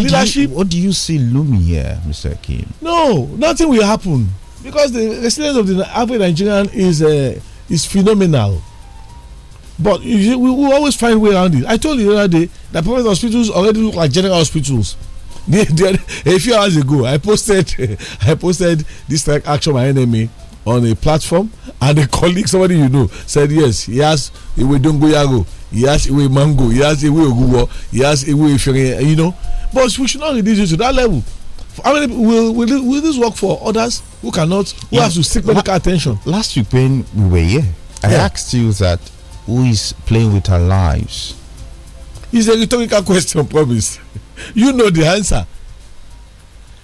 leadership. You, what do you see looming here, Mr. Kim? No, nothing will happen because the resilience of the average Nigerian is uh, is phenomenal. But we will always find way around it. I told you the other day that private hospitals already look like general hospitals. a few hours ago, I posted I posted this like action my enemy on a platform, and a colleague, somebody you know, said yes, yes, he will do go he has away mango he has away oguwo he has away efirin you know but we should not reduce it to that level how many will, will, will this work for others who cannot who yeah. have to seek medical La attention. last week when we were here i yeah. asked you that who is playing with our lives. it's a rhetorical question promise you know the answer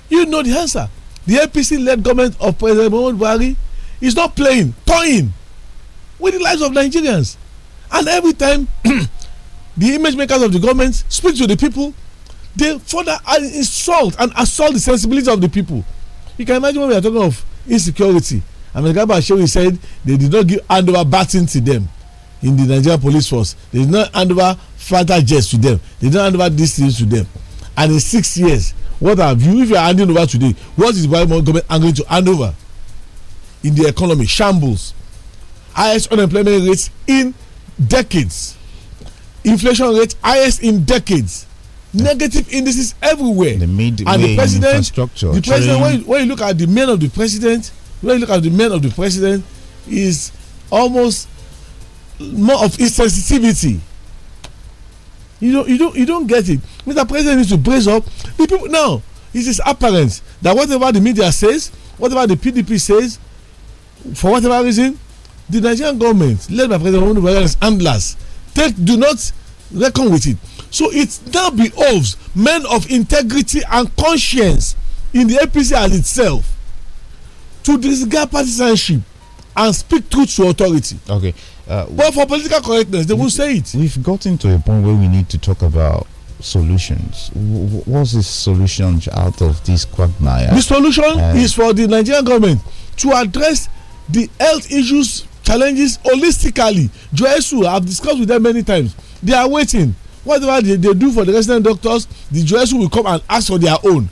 you know the answer the apc led government of president muhammadu buhari is not playing toying with the lives of nigerians and every time the image makers of the government speak to the people they further uh, insult and assault the sensibility of the people you can imagine when we are talking of insecurity america bashewi said they did not give hand over baton to them in the nigerian police force they did not hand over fighter jets to them they did not hand over these things to them and in six years what have you if you are handing over today what is the government angling to hand over in the economy shambles highest unemployment rates in decades inflation rate highest in decades negative indices everywhere the and the president the president when you, when you look at the men of the president when you look at the men of the president is almost more of insensitivity you don't you don't you don't get it mr president needs to brace up the people now it is apparent that whatever the media says whatever the pdp says for whatever reason the nigerian government led by president muhammadu buhari and his handlers take do not reckon with it so it now behoves men of integrity and conscience in the apc as itself to disregard partisanship and speak truth to authority. okay. Uh, but for political correctness they will say it. we've gotten to a point where we need to talk about solutions. W what's the solution out of this quagmire? The solution uh, is for the Nigerian government to address the health issues challenges holistically joesu i have discussed with them many times they are waiting whatever they, they do for the resident doctors the joesu will come and ask for their own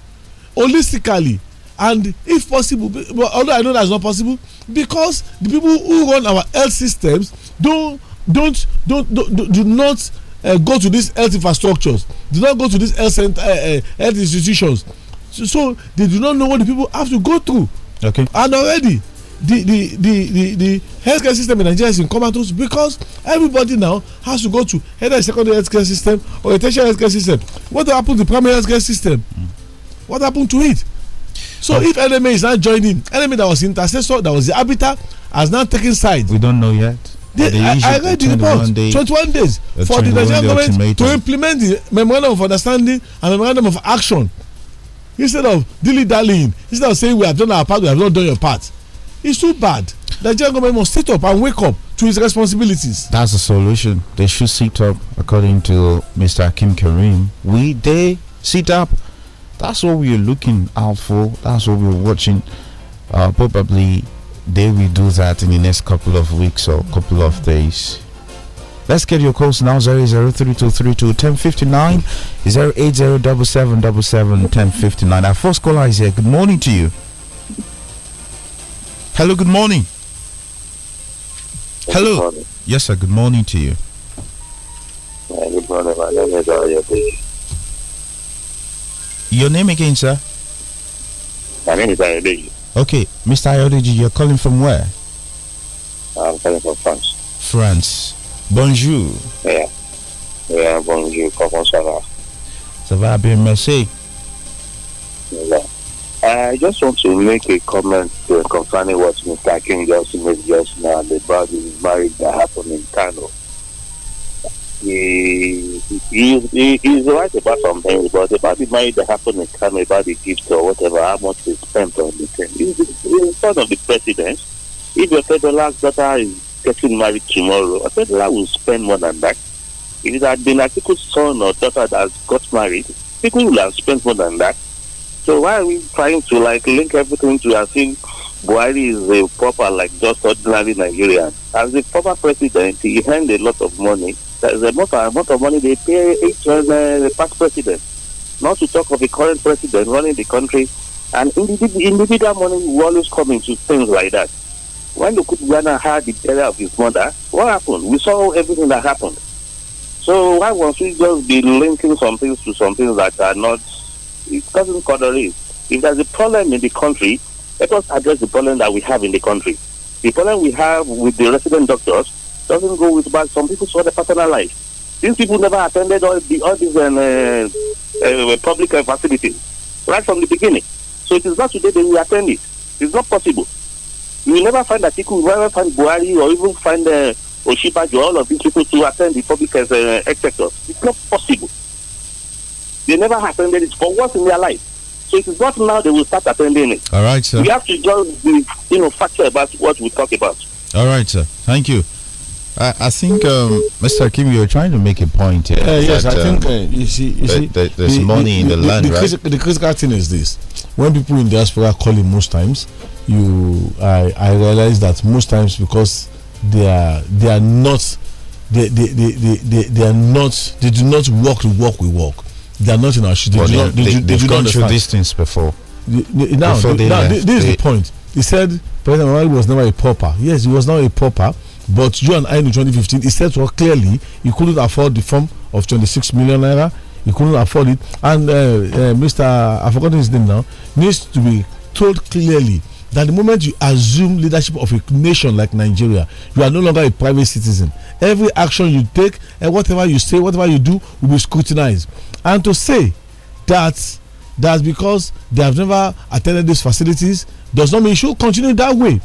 holistically and if possible although i know that's not possible because the people who run our health systems don't don't don't, don't do not uh, go to these health infrastructures do not go to these health center, uh, uh, health institutions so, so, they do not know what the people have to go through okay and already the the the the healthcare system in nigeria is in comatose because everybody now has to go to either a secondary healthcare system or a tertiary healthcare system what happened to the primary healthcare system what happened to it so but if NMA is not joining NMA that was intercessor that was the arbiter has now taken sides. we don't know yet. They, they I, I read the report day, 21 days for the Nigerian government to implement the memorandum of understanding and memorandum of action instead of dilly dallying instead of saying we have done our part we have not done your part it's too bad. The Nigerian government must sit up and wake up to his responsibilities. That's the solution. They should sit up, according to Mr. Kim Karim. We they sit up. That's what we're looking out for. That's what we're watching. Uh, probably they will do that in the next couple of weeks or couple of days. Let's get your calls now 0032321 1059 0807777 Our first caller is here. Good morning to you. Hello, good morning. Good Hello. Morning. Yes, sir. Good morning to you. good morning. My name is Ayodeji. Your name again, sir? My name is Ayodeji. Okay, Mr. Ayodeji, you're calling from where? I'm calling from France. France. Bonjour. Yeah. Yeah, bonjour. Comment ça va? Ça va bien, merci. Yeah. Uh, I just want to make a comment uh, concerning what Mr. King just made just now about his marriage that happened in Kano. He, he, he, he's right about some things, but about the marriage that happened in Kano, about the gift or whatever, how much he spent on the thing. He's, of the president. If your federal daughter is getting married tomorrow, a Federal will spend more than that. If it had been Atiku's son or daughter that got married, people will have spent more than that so why are we trying to like link everything to as if Buhari is a proper like just ordinary Nigerian? As a proper president, he earned a lot of money. There's a lot, a lot of money they pay each uh, the past president. Not to talk of the current president running the country. And individual, money will always come into things like that. When Lukutu Ghana had the terror of his mother, what happened? We saw everything that happened. So why won't we just be linking some things to some things that are not Cousin Cordero, if there's a problem in the country, let us address the problem that we have in the country. The problem we have with the resident doctors doesn't go with bad. Some people saw their personal life. These people never attended all, the, all these um, uh, uh, public facilities right from the beginning. So it is not today they will attend it. It's not possible. You will never find Atiku, you will never find Buhari, or even find uh, Oshibajo, all of these people to attend the public as uh, sector. It's not possible. They never attended it for once in their life. So it is not now they will start attending it. All right, sir. We have to just be, you know, factual about what we talk about. All right, sir. Thank you. I, I think, um, Mr. Kim, you're trying to make a point here. Uh, yes, that, I um, think uh, you see, you see there's the, money in the, land, right? the critical thing is this: when people in diaspora call him most times, you, I, I realize that most times because they are, they are not, they, they, they, they, they, they are not, they do not walk the walk we walk they are not in our shoes. They well, do not, they, they, they, they gone through these things before. The, now, before now left, this is the point. He said President Muhammad was never a pauper. Yes, he was not a pauper. But you and I in 2015, he said well clearly he couldn't afford the form of 26 million naira. He couldn't afford it. And uh, uh, Mr. I've forgotten his name now, needs to be told clearly that the moment you assume leadership of a nation like Nigeria, you are no longer a private citizen. Every action you take and whatever you say, whatever you do, will be scrutinized. And to say that that's because they have never attended these facilities does not mean it should continue that way.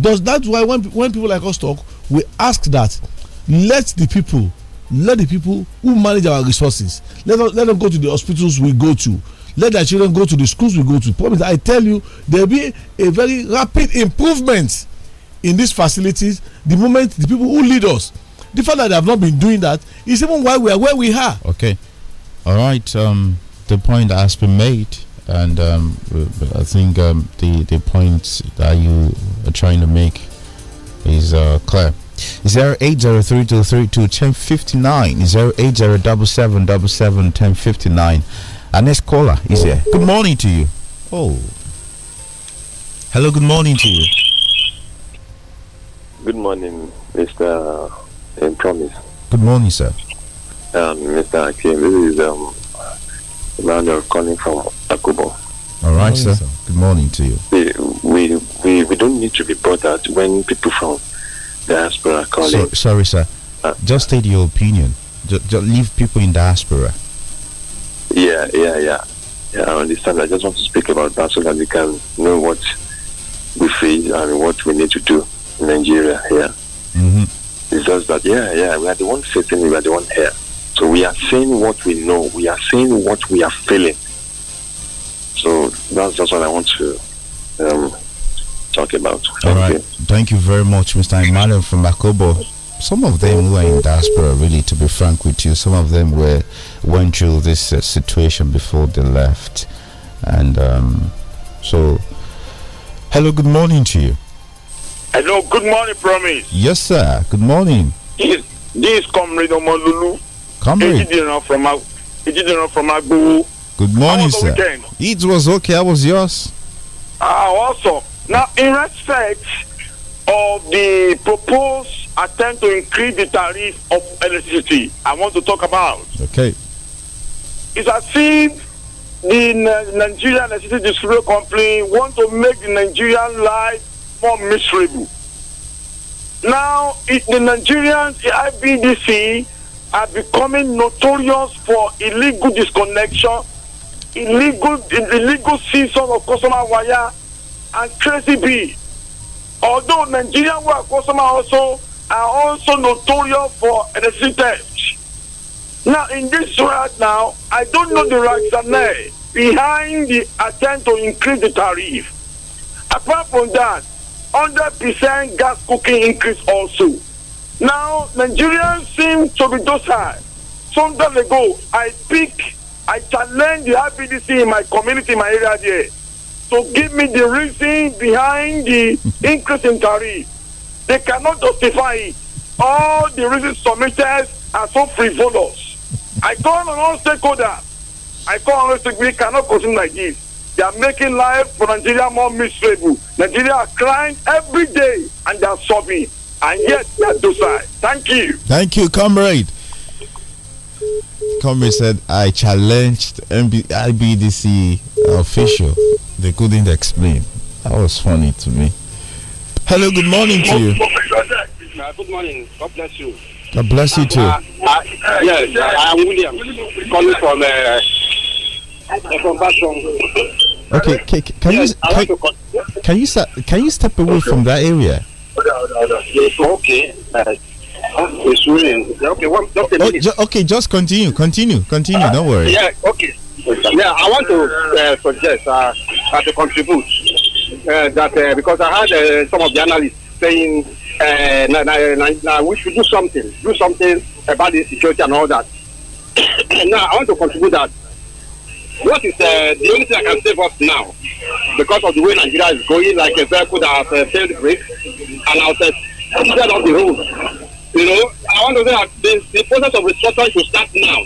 Does that's why when when people like us talk, we ask that let the people let the people who manage our resources let them, let them go to the hospitals we go to let their children go to the schools we go to promise i tell you there will be a very rapid improvement in these facilities the moment the people who lead us the fact that they have not been doing that is even why we are where we are. okay all right um, the point that has been made and um, i think um, the the point that you are trying to make is uh, clear. Zero eight zero three two three two ten fifty nine zero eight zero double seven double seven ten fifty nine. Our next caller is here. Good morning to you. Oh. Hello, good morning to you. Good morning, Mr. Um, Promise. Good morning, sir. Um, Mr. Akim, this is um, Emmanuel calling from Akubo. All right, morning, sir. sir. Good morning to you. We, we, we, we don't need to be bothered when people from diaspora call So, sorry, sir. Uh, Just state your opinion. Just, just leave people in diaspora. Yeah, yeah, yeah. Yeah, I understand. I just want to speak about that so that we can know what we feel and what we need to do in Nigeria. Yeah. Mm-hmm. It's just that, yeah, yeah, we are the one facing, we are the one here. So we are saying what we know, we are saying what we are feeling. So that's just what I want to um, talk about. Thank All right. You. Thank you very much, Mr. Emmanuel from Makobo some of them who are in diaspora, really, to be frank with you, some of them were went through this uh, situation before they left, and um, so. Hello, good morning to you. Hello, good morning, Promise. Yes, sir. Good morning. This, this is Comrade Omolulu. Comrade. from from Agbowo. Good morning, sir. Weekend? It was okay. I was yours. Ah, uh, also now in respect of the proposed attempt to increase the tariff of electricity I want to talk about. Okay. It's as if the Nigerian electricity distributor company want to make the Nigerian life more miserable. Now, it, the Nigerians, the IBDC, are becoming notorious for illegal disconnection, illegal illegal season of customer wire, and crazy bill. Although Nigerian wire customer also are also notorious for resistance. Now, in this right now, I don't know the rationale behind the attempt to increase the tariff. Apart from that, 100% gas cooking increase also. Now, Nigerians seem to be docile. Some time ago, I pick, I challenge the IPDC in my community, my area there, to give me the reason behind the increase in tariff they cannot justify All the reasons submitted are so frivolous. I call on all stakeholders. I call on all stakeholders. We cannot continue like this. They are making life for Nigeria more miserable. Nigeria are crying every day and they are sobbing. And yet they are docile. Thank you. Thank you, comrade. Comrade said, I challenged MB IBDC official. They couldn't explain. That was funny to me. Hello, good morning to you. Good morning. God bless you. God bless you too. Uh, uh, yes, uh, I'm William, calling from uh, from Baton. Okay, can, can yes, you can, can, you step can you step away okay. from that area? Okay. Uh, okay, one, okay, oh, ju okay, just continue, continue, continue. Uh, don't worry. Yeah, okay. Yeah, I want to uh, suggest uh, to contribute uh, that uh, because I had uh, some of the analysts saying na, na, na, we should do something, do something about this situation and all that. now I want to contribute that what is uh, the only thing that can save us now because of the way Nigeria is going, like a vehicle that has uh, failed brake. and has uh, instead of the road. You know, I want to say that the, the process of restructuring should start now.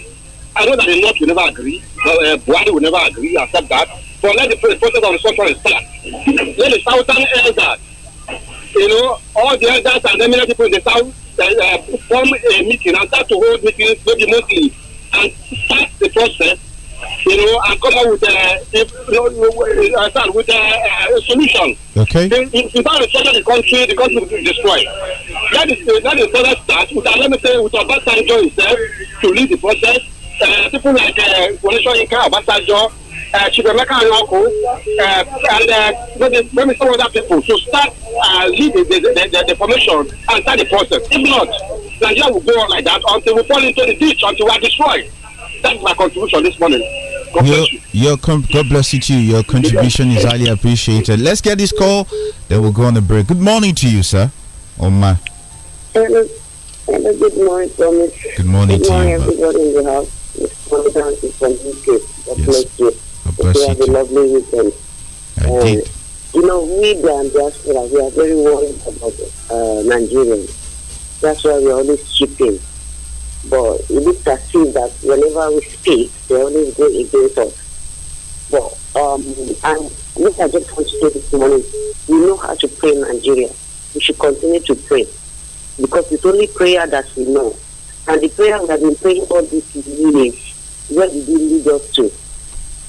I know that the North will never agree, uh, Buhari will never agree, accept that, but let the, the process of restructuring start then the southern elders, you know, all the elders and eminent people in the south uh, uh form a meeting and start to hold meetings maybe monthly and start the process, you know, and come up with a, uh, you with a, uh, a solution. Okay. Without the solution, the country, the country will be destroyed. That is, uh, that is another start. With, uh, let me say, with Obasanjo himself to lead the process, uh, people like uh, Onisho Inka, Obasanjo, uh, should be making an uncle, uh, and uh, maybe, some other people to start uh, leading the, the, the, the formation and start the process. If not, Nigeria will go on like that until we fall into the ditch, until we are destroyed. That's my contribution this morning. God your, bless you. Your God bless you too. Your contribution is highly appreciated. Let's get this call, then we'll go on the break. Good morning to you, sir. Oh my. Hello. Good morning, Good morning, good morning to you. Everybody in the house. It's from UK. God yes. bless you bless you. Have a lovely weekend. Indeed. Um, you know, we the diaspora, we are very worried about uh, Nigerians. That's why we are always chipping. But it looks that whenever we speak, they always go against us. But, um, and what I just want to say this morning, we know how to pray in Nigeria. We should continue to pray. Because it's only prayer that we know. And the prayer we have been praying all these years, where did it lead us to?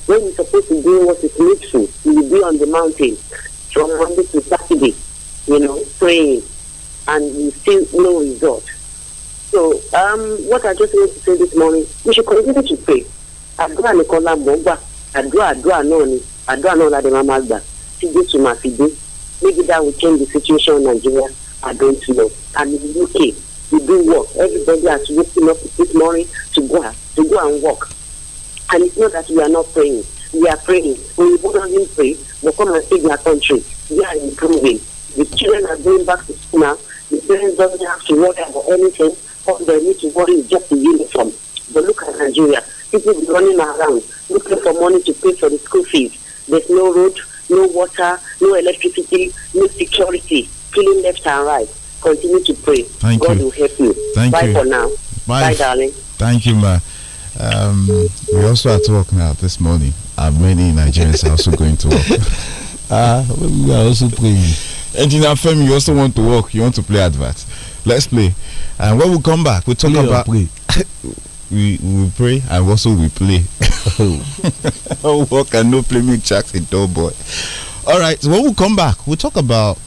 When you're supposed to do what it makes you, you will be on the mountain from Monday to Saturday, you know, praying, and you still no result. So, um, what I just want to say this morning, we should continue to pray. Àdúrà nìkan la mọ̀ gbà, àdúrà àdúrà náà ni, àdúrà náà la dẹ̀ máa máa gbà, tí Jésù máa fi dé. Maybe that will change the situation in Nigeria, I don't know. And in the UK, we do work. Everybody has woken up this morning to go, to go and work. And it's not that we are not praying. We are praying. When Igbo doesn't pray, But come and see their country. We are improving. The children are going back to school now. The parents do not have to worry about anything. All they need to worry is just the uniform. But look at Nigeria. People are running around looking for money to pay for the school fees. There's no road, no water, no electricity, no security. Killing left and right. Continue to pray. Thank God you. will help you. Thank Bye you. for now. Bye. Bye, darling. Thank you, ma. Um, we also at work now this morning, and many Nigerians are also going to work. Ah, uh, we are also playing. Engineer Femi, you also want to work, you want to play advert. Let's play. And when we come back, we'll talk play about. Play. we we pray and also we play. Oh, work and no play make Jackson door boy. All right, so when we come back, we'll talk about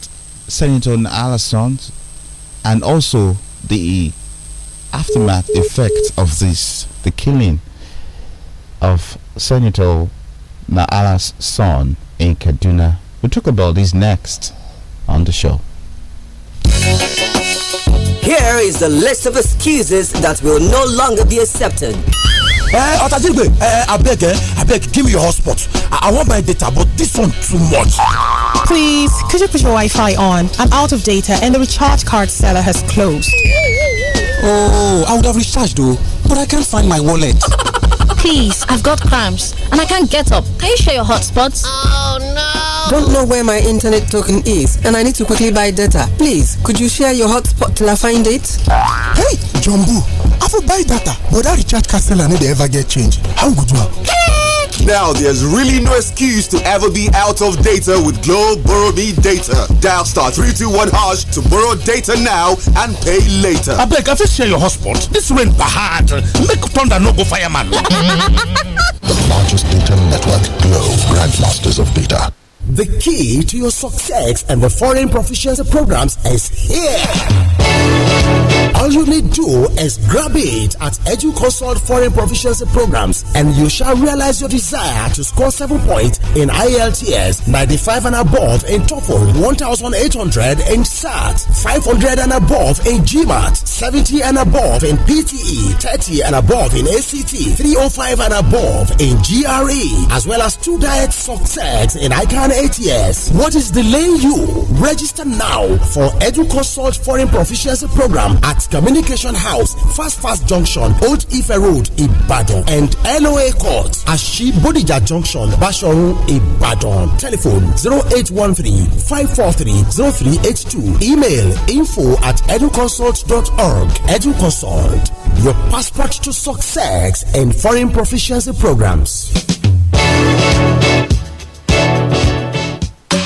Senator Allison and also the aftermath effect of this, the killing of Senator Naala's son in Kaduna. We'll talk about this next on the show. Here is the list of excuses that will no longer be accepted. Eh, Otajigbe, eh, beg, eh, beg, give me your hotspot. I, I want my data, but this one too much. Please, could you put your Wi-Fi on? I'm out of data and the recharge card seller has closed. Oh, I would have recharged though, but I can't find my wallet. Please, I've got cramps and I can't get up. Can you share your hotspots? Oh no! Don't know where my internet token is and I need to quickly buy data. Please, could you share your hotspot till I find it? Hey, Jumbo, I will buy data, but that recharge card I need ever get change. How good you are? Now there's really no excuse to ever be out of data with Globe Borrow Me Data. Dial star 321 hash to borrow data now and pay later. I beg, I fit share your hotspot. This rain bahad. Make thunder no go fireman. the largest data network, Globe, grandmasters of data. The key to your success and the foreign proficiency programs is here. All you need do is grab it at EduConsult Foreign Proficiency Programs and you shall realize your desire to score 7 points in IELTS, 95 and above in TOEFL, 1800 in SAT, 500 and above in GMAT, 70 and above in PTE, 30 and above in ACT, 305 and above in GRE, as well as two direct success in ICANN eight years. What is delaying you? Register now for EduConsult Foreign Proficiency Program at Communication House, Fast Fast Junction, Old Ife Road, Ibadan, and LOA Court, Ashi Bodija Junction, Bashorun, Ibadan. Telephone 0813-543-0382. Email info at educonsult.org. EduConsult, your passport to success and foreign proficiency programs.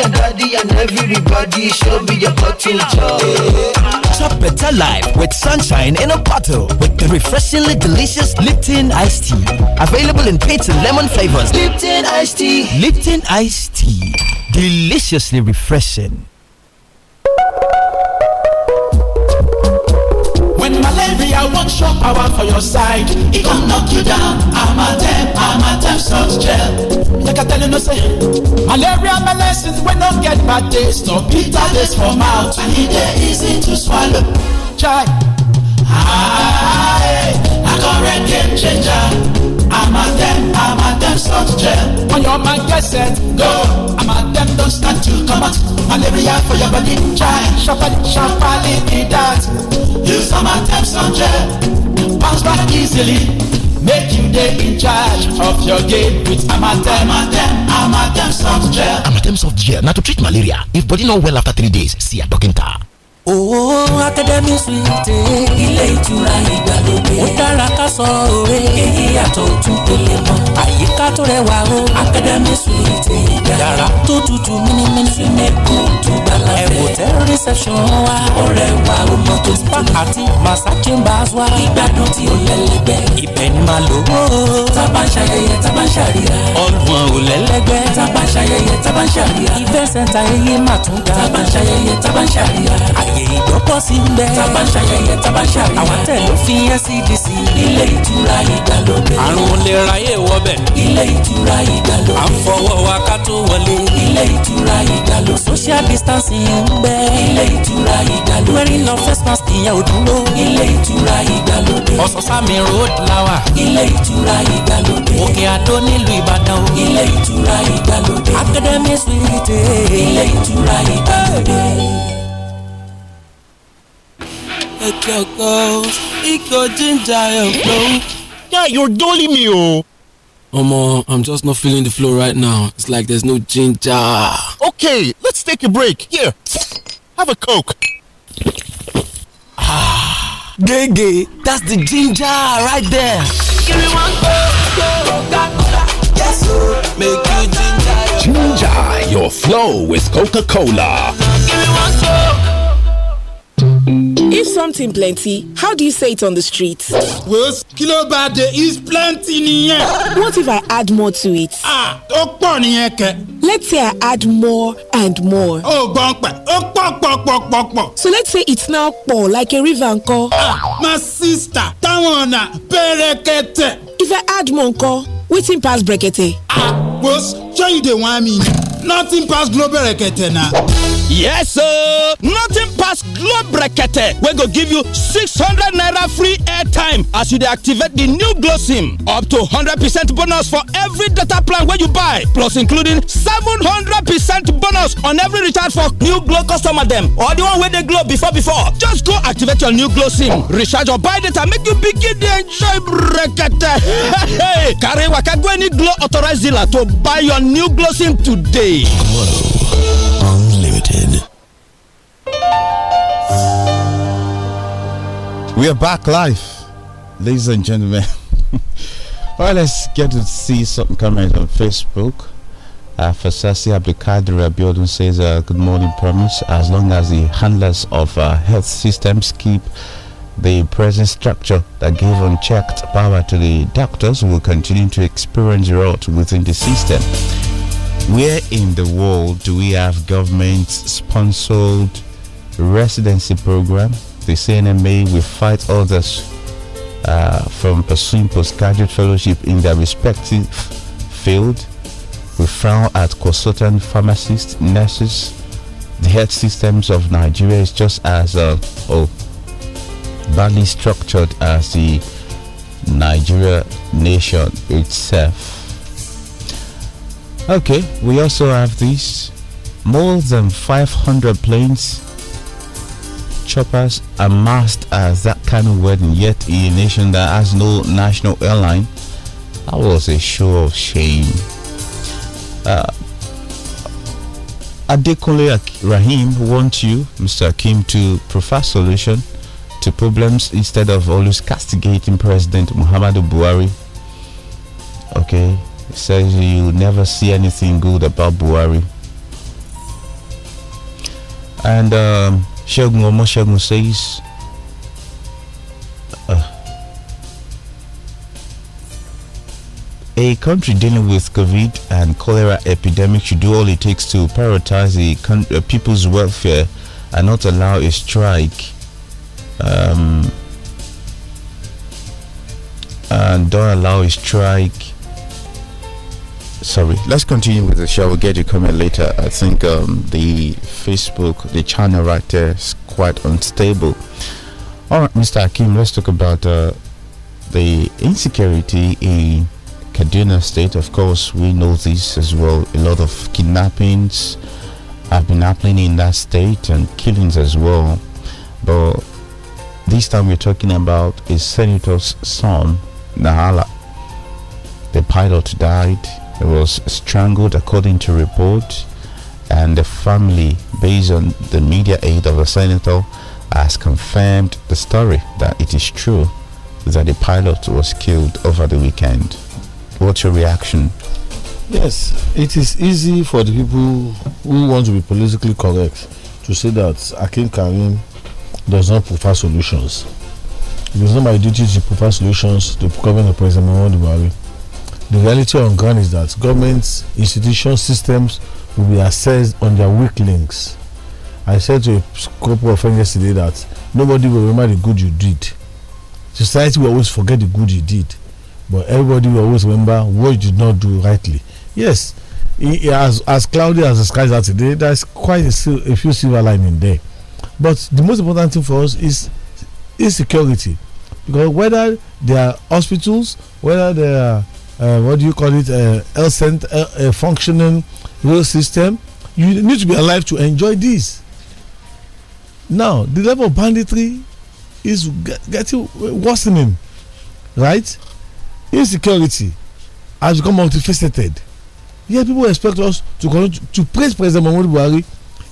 and daddy and everybody show me your bottle job. Chop better life with sunshine in a bottle with the refreshingly delicious Lipton iced tea. Available in pink and lemon flavors. Lipton iced tea. Lipton iced tea. Deliciously refreshing. When malaria will shot power for your side, it can knock you down. I'm a temp, I'm a temp, salt gel. Like I tell you, no say, malaria lessons when don't get bad taste. No bitter taste for mouth, need it easy to swallow. Try. Aye current game changer. Amatem, Amatem soft gel. On your mind, get set, go. I'm a Amatem don't stand to come out. Malaria for your body, try. Sharply, sharply, be that. Use Amatem soft gel. Bounce back easily. Make you day in charge of your game with Amatem, Amatem, Amatem soft gel. Amatem soft gel. Now to treat malaria. If body not well after three days, see a doctor. Owó Akademi Suite. Ilé ìtura ìgbàlódé. Ó dára ká sọ òwe. Èyí yàtọ̀ ojú pele mọ́. Àyíká tó rẹwà o. Akademi Suite ìgbà. Yàrá tó tutù mímímí. Súnmẹ́kù tó gbàlá fẹ́. Ẹ̀wòtẹ́ reception wa. Ọ̀rẹ́ wa ó mọ tó ti tó. Àti Massa Chambers wa. Ìgbádùn tí ó lẹ́lẹ́gbẹ́. Ibẹ̀ ni màá lò ó. Tábà ń ṣayẹyẹ, tábà ń ṣàríyá. Ọ̀gbun ò lẹ́lẹ́gbẹ́. ga. Tábà ń àyè ìgbọ́pọ̀ sí ń bẹ́ẹ̀. tá a bá ń ṣayẹyẹ tá a bá ń ṣàríyá. àwọn tẹ̀ ló fi NCDC. E ilé ìtura ìgbàlódé. àrùn olè ráyè wọbẹ̀. ilé ìtura ìgbàlódé. à ń fọwọ́ wa ká tó wọlé. ilé ìtura ìgbàlódé. social distancing ń bẹ. ilé ìtura ìgbàlódé. wearing no face mask ìyẹn ò dúró. ilé ìtura ìgbàlódé. ọ̀sánsámi road lawa. ilé ìtura ìgbàlódé. òkè àdó nílùú ìbàdàn o. ilé ìtura ìgbàlódé. academy suite. ilé ìtura ìgbàlódé. Yeah, you're dolly me, oh. Omo, I'm just not feeling the flow right now. It's like there's no ginger. Okay, let's take a break. Here, have a coke. Ah, Gege, that's the ginger right there. Give me one coke, yes, make you ginger. Ginger your flow with Coca-Cola. Give me one coke. If something plenty, how do you say it on the street? Well, kilo bade is plenty nìyẹn. What if I add more to it? Ah, ó pọ̀ nìyẹn Let's say I add more and more. Oh, gbọ́n pẹ̀, ó pọ̀ pọ̀ pọ̀ pọ̀ So let's say it's now pọ̀ like a river ńkọ́. Ah, my sister, táwọn ọ̀nà pẹ̀rẹ̀kẹ̀tẹ̀. If I add more ńkọ́, wetin pass brekete? Ah, well, show you dey wan me? Nothing past global brekete na yes sir. nothing past glow brekete We go give you 600 naira free airtime as you deactivate the new glow sim up to 100 percent bonus for every data plan when you buy plus including 700 percent bonus on every recharge for new glow customer them. or the one wey dey glow before before just go activate your new glow sim recharge or buy data make you begin dey enjoy brekete carry waka go any glow authorized dealer to buy your new glow sim today We are back live, ladies and gentlemen. All right, let's get to see some comments on Facebook. Uh, Fasasi Abdulkadir Abiodun says, uh, Good morning, Promise. As long as the handlers of uh, health systems keep the present structure that gave unchecked power to the doctors, will continue to experience rot within the system. Where in the world do we have government sponsored residency program? The CNMA will fight others uh, from pursuing postgraduate fellowship in their respective field. We frown at consultant pharmacists, nurses. The health systems of Nigeria is just as uh, oh, badly structured as the Nigeria nation itself. Okay, we also have this more than 500 planes choppers amassed as that kind of wedding yet a nation that has no national airline that was a show of shame uh, Adekunle Rahim wants you Mr. Akim to provide solution to problems instead of always castigating President Muhammadu Buhari okay says you never see anything good about Buhari. And um, Shogun Omoshogun says, uh, A country dealing with COVID and cholera epidemic should do all it takes to prioritize the uh, people's welfare and not allow a strike um, and don't allow a strike sorry let's continue with the show we'll get you comment later i think um, the facebook the channel right there is quite unstable all right mr akim let's talk about uh, the insecurity in kaduna state of course we know this as well a lot of kidnappings have been happening in that state and killings as well but this time we're talking about a senator's son nahala the pilot died was strangled according to report and the family based on the media aid of the senator has confirmed the story that it is true that the pilot was killed over the weekend what's your reaction yes it is easy for the people who want to be politically correct to say that Akin karim does not prefer solutions it is not my duty to prefer solutions to govern the president muhammadu buhari the reality on ground is that governments, institutions, systems will be assessed on their weak links. I said to a couple of friends yesterday that nobody will remember the good you did. Society will always forget the good you did, but everybody will always remember what you did not do rightly. Yes, it, as as cloudy as the skies are today, there's quite a, a few silver lining there. But the most important thing for us is insecurity, because whether there are hospitals, whether there are uh, what do you call it, uh, health center, uh, uh functioning rail system. You need to be alive to enjoy this. Now, the level of banditry is getting worsening, right? Insecurity has become multifaceted. Yeah, people expect us to to praise President Mahmoud Buhari.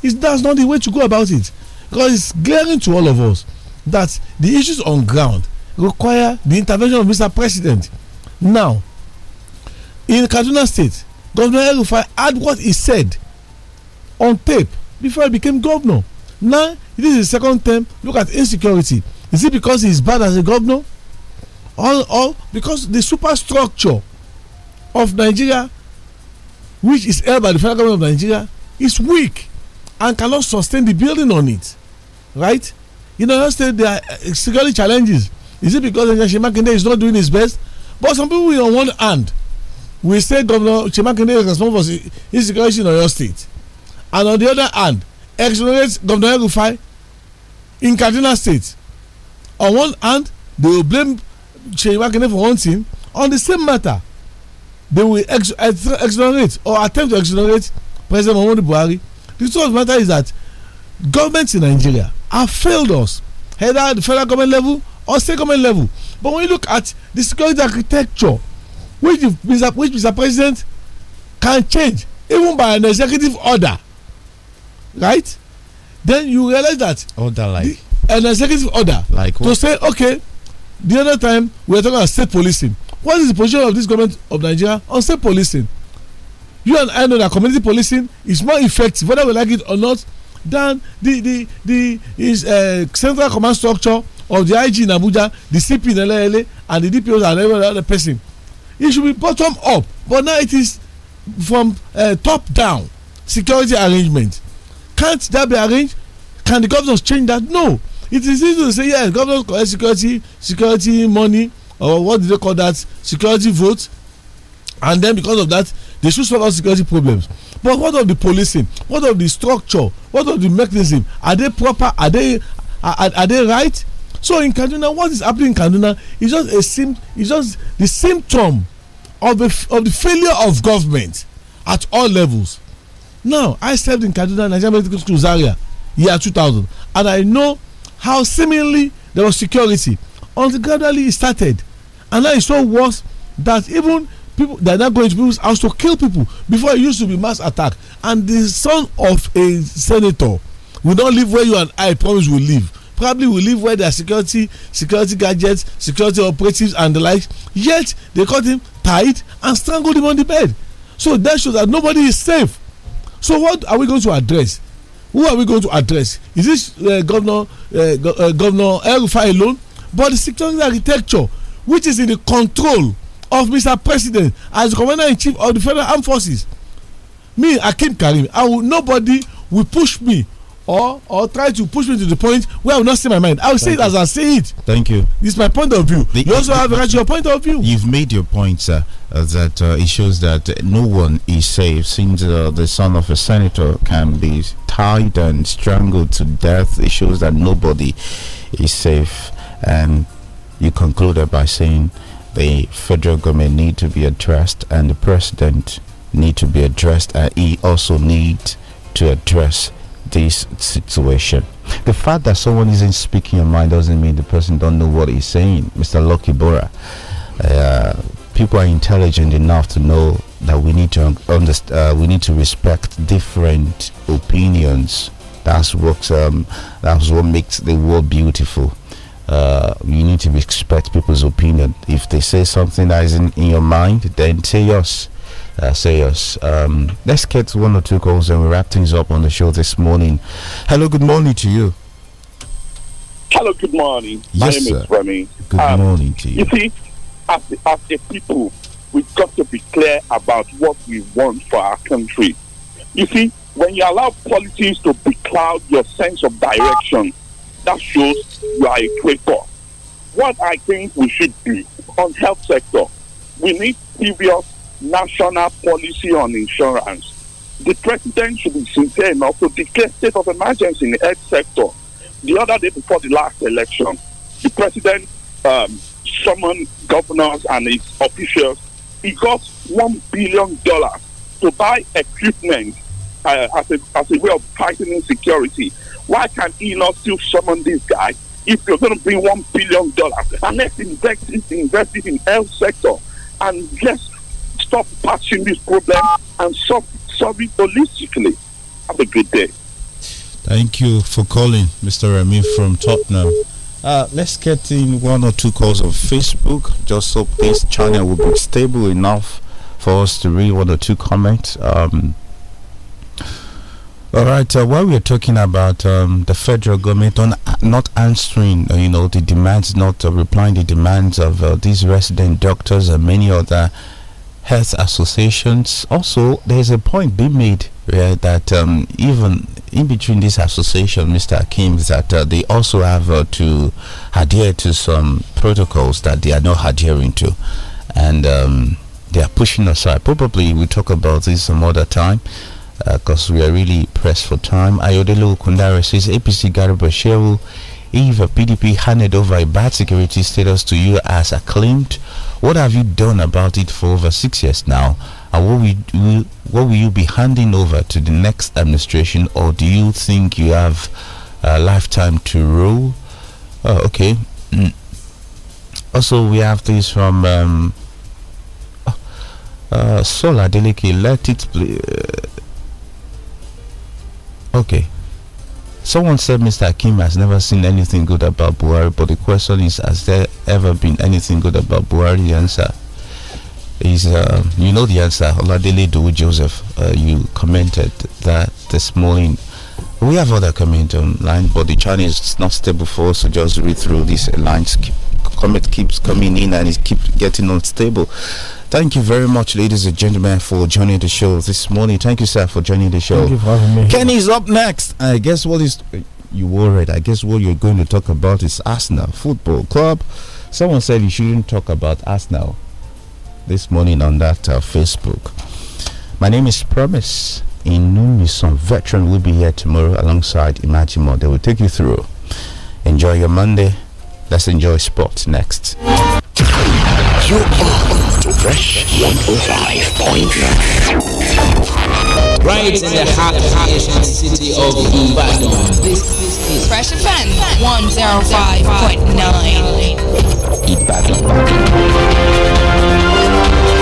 It's, that's not the way to go about it. Because it's glaring to all of us that the issues on ground require the intervention of Mr. President. Now, in kaduna state governor elrufai had what he said on tape before he became governor now this is his second term look at insecurity is it because he is bad as a governor or or because the superstructure of nigeria which is held by the federal government of nigeria is weak and cannot sustain the building on it right in other State, there are uh, security challenges is it because Nigeria Makinde is not doing his best but some people on one hand we say governor chimakinde is responsible for insecurity in oyo state and on the other hand exonerate governor erufai in kaduna state on one hand they will blame chimakinde for one thing on the same matter they will ex ex exonerate or attempt to exonerate president muhammadu buhari the truth of the matter is that governments in nigeria have failed us either at the federal government level or state government level but when you look at the security architecture which the mr which mr president can change even by an executive order right then you realize that order like the, an executive order like what? to say okay the other time we were talking about state policing what is the position of this government of nigeria on state policing you and i know that community policing is more effective whether we like it or not than the the the is uh, central command structure of the ig in abuja the cp in and the dpos and every other person it should be bottom up but now it is from uh, top down security arrangement can't that be arranged can the governors change that no it is easy to say yes governors collect security security money or what do they call that security vote and then because of that they should solve all security problems but what of the policing what of the structure what of the mechanism are they proper are they are, are, are they right so in Kaduna, what is happening in Kaduna is just a sim is just the symptom of the of the failure of government at all levels. Now I served in Kaduna Nigerian Medical School Zaria year 2000 and I know how seemingly there was security until gradually it started and now it's so worse that even people they are not going to people's house to kill people before it used to be mass attack and the son of a senator will not live where you and I promise will live probably will live where their security security gadgets security operatives and the like yet they caught him tied and strangled him on the bed so that shows that nobody is safe so what are we going to address who are we going to address is this uh, governor uh, go, uh, governor elfa alone but the security architecture which is in the control of mr president as commander in chief of the federal armed forces me akim karim i will nobody will push me or or try to push me to the point where I will not see my mind. I will say it as I say it. Thank you. This is my point of view. The, you also the, have your point of view. You've made your point, sir. Uh, that uh, it shows that no one is safe since uh, the son of a senator can be tied and strangled to death. It shows that nobody is safe. And you concluded by saying the federal government need to be addressed and the president need to be addressed and he also need to address this situation. The fact that someone isn't speaking your mind doesn't mean the person don't know what he's saying. Mr. Lucky Bora, uh, people are intelligent enough to know that we need to understand, uh, we need to respect different opinions. That's what um, that's what makes the world beautiful. Uh, you need to respect people's opinion. If they say something that isn't in your mind, then tell us uh, Sayers. Um, let's get one or two calls and we wrap things up on the show this morning. Hello, good morning to you. Hello, good morning. Yes, name sir. is Remy. Good um, morning to you. You see, as, as a people, we've got to be clear about what we want for our country. You see, when you allow politics to becloud your sense of direction, that shows you are a traitor. What I think we should do on health sector, we need serious national policy on insurance. The president should be sincere enough to declare state of emergency in the health sector. The other day before the last election, the president um, summoned governors and his officials. He got $1 billion to buy equipment uh, as, a, as a way of tightening security. Why can he not still summon this guy if you're going to bring $1 billion and let's invest it, invest it in health sector and let's stop patching this problem and solve, solve it holistically. Have a good day. Thank you for calling, Mr. Remy from Tottenham. Uh, let's get in one or two calls on Facebook just so this channel will be stable enough for us to read one or two comments. Um, all right. Uh, while we are talking about um, the federal government on uh, not answering, uh, you know, the demands, not uh, replying the demands of uh, these resident doctors and many other health associations. Also, there is a point being made yeah, that um, even in between this association, Mr. Akim, that uh, they also have uh, to adhere to some protocols that they are not adhering to. And um, they are pushing aside. Probably we'll talk about this some other time because uh, we are really pressed for time. Ayodele Kundara says APC Gariba Shehu if a PDP handed over a bad security status to you as acclaimed, what have you done about it for over six years now? And what will, what will you be handing over to the next administration, or do you think you have a lifetime to rule? Oh, okay. Mm. Also, we have this from um, uh, uh Sola Deliki. Let it play. Uh, okay. Someone said Mr. Akim has never seen anything good about Buhari, but the question is, has there ever been anything good about Buhari? The answer is, uh, you know the answer. Oladele Dou Joseph, uh, you commented that this morning we have other comments online, but the channel is not stable for us to so just read through these lines. Comment keeps coming in and it keeps getting unstable. Thank you very much, ladies and gentlemen, for joining the show this morning. Thank you, sir, for joining the show. Thank you for having me. Kenny's up next. I guess what is you worried? I guess what you're going to talk about is Arsenal Football Club. Someone said you shouldn't talk about Arsenal this morning on that uh, Facebook. My name is Promise some veteran, will be here tomorrow alongside Imagine More. They will take you through. Enjoy your Monday. Let's enjoy sports next. You are to Fresh 105.9. Right in the heart of the city of Ibadan. This is Fresh Offense 105.9. Ibadan.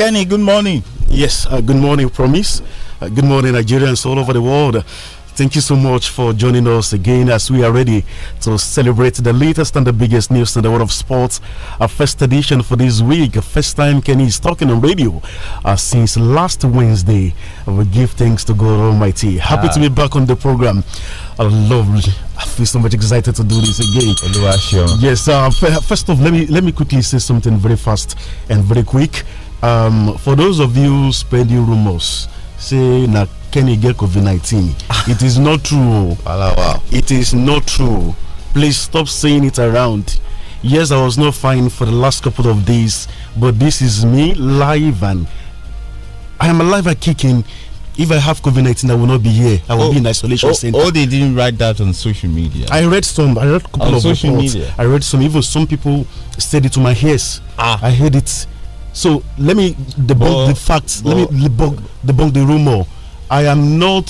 Kenny, good morning. Yes, uh, good morning, Promise. Uh, good morning, Nigerians all over the world. Thank you so much for joining us again as we are ready to celebrate the latest and the biggest news in the world of sports. A first edition for this week. First time Kenny is talking on radio uh, since last Wednesday. I will give thanks to God Almighty. Happy to be ah. back on the program. I love. I feel so much excited to do this again. Yes. Uh, first off, let me let me quickly say something very fast and very quick um, for those of you spreading rumors, say na Kenny get COVID 19, it is not true. it is not true. Please stop saying it around. Yes, I was not fine for the last couple of days, but this is me live and I am alive and kicking. If I have COVID 19, I will not be here. I will oh, be in oh, isolation oh, center. Oh, they didn't write that on social media. I read some. I read a couple on of social reports. media. I read some. Even some people said it to my ears. Ah. I heard it so let me debunk but, the facts. But, let me debunk, debunk the rumor. I am not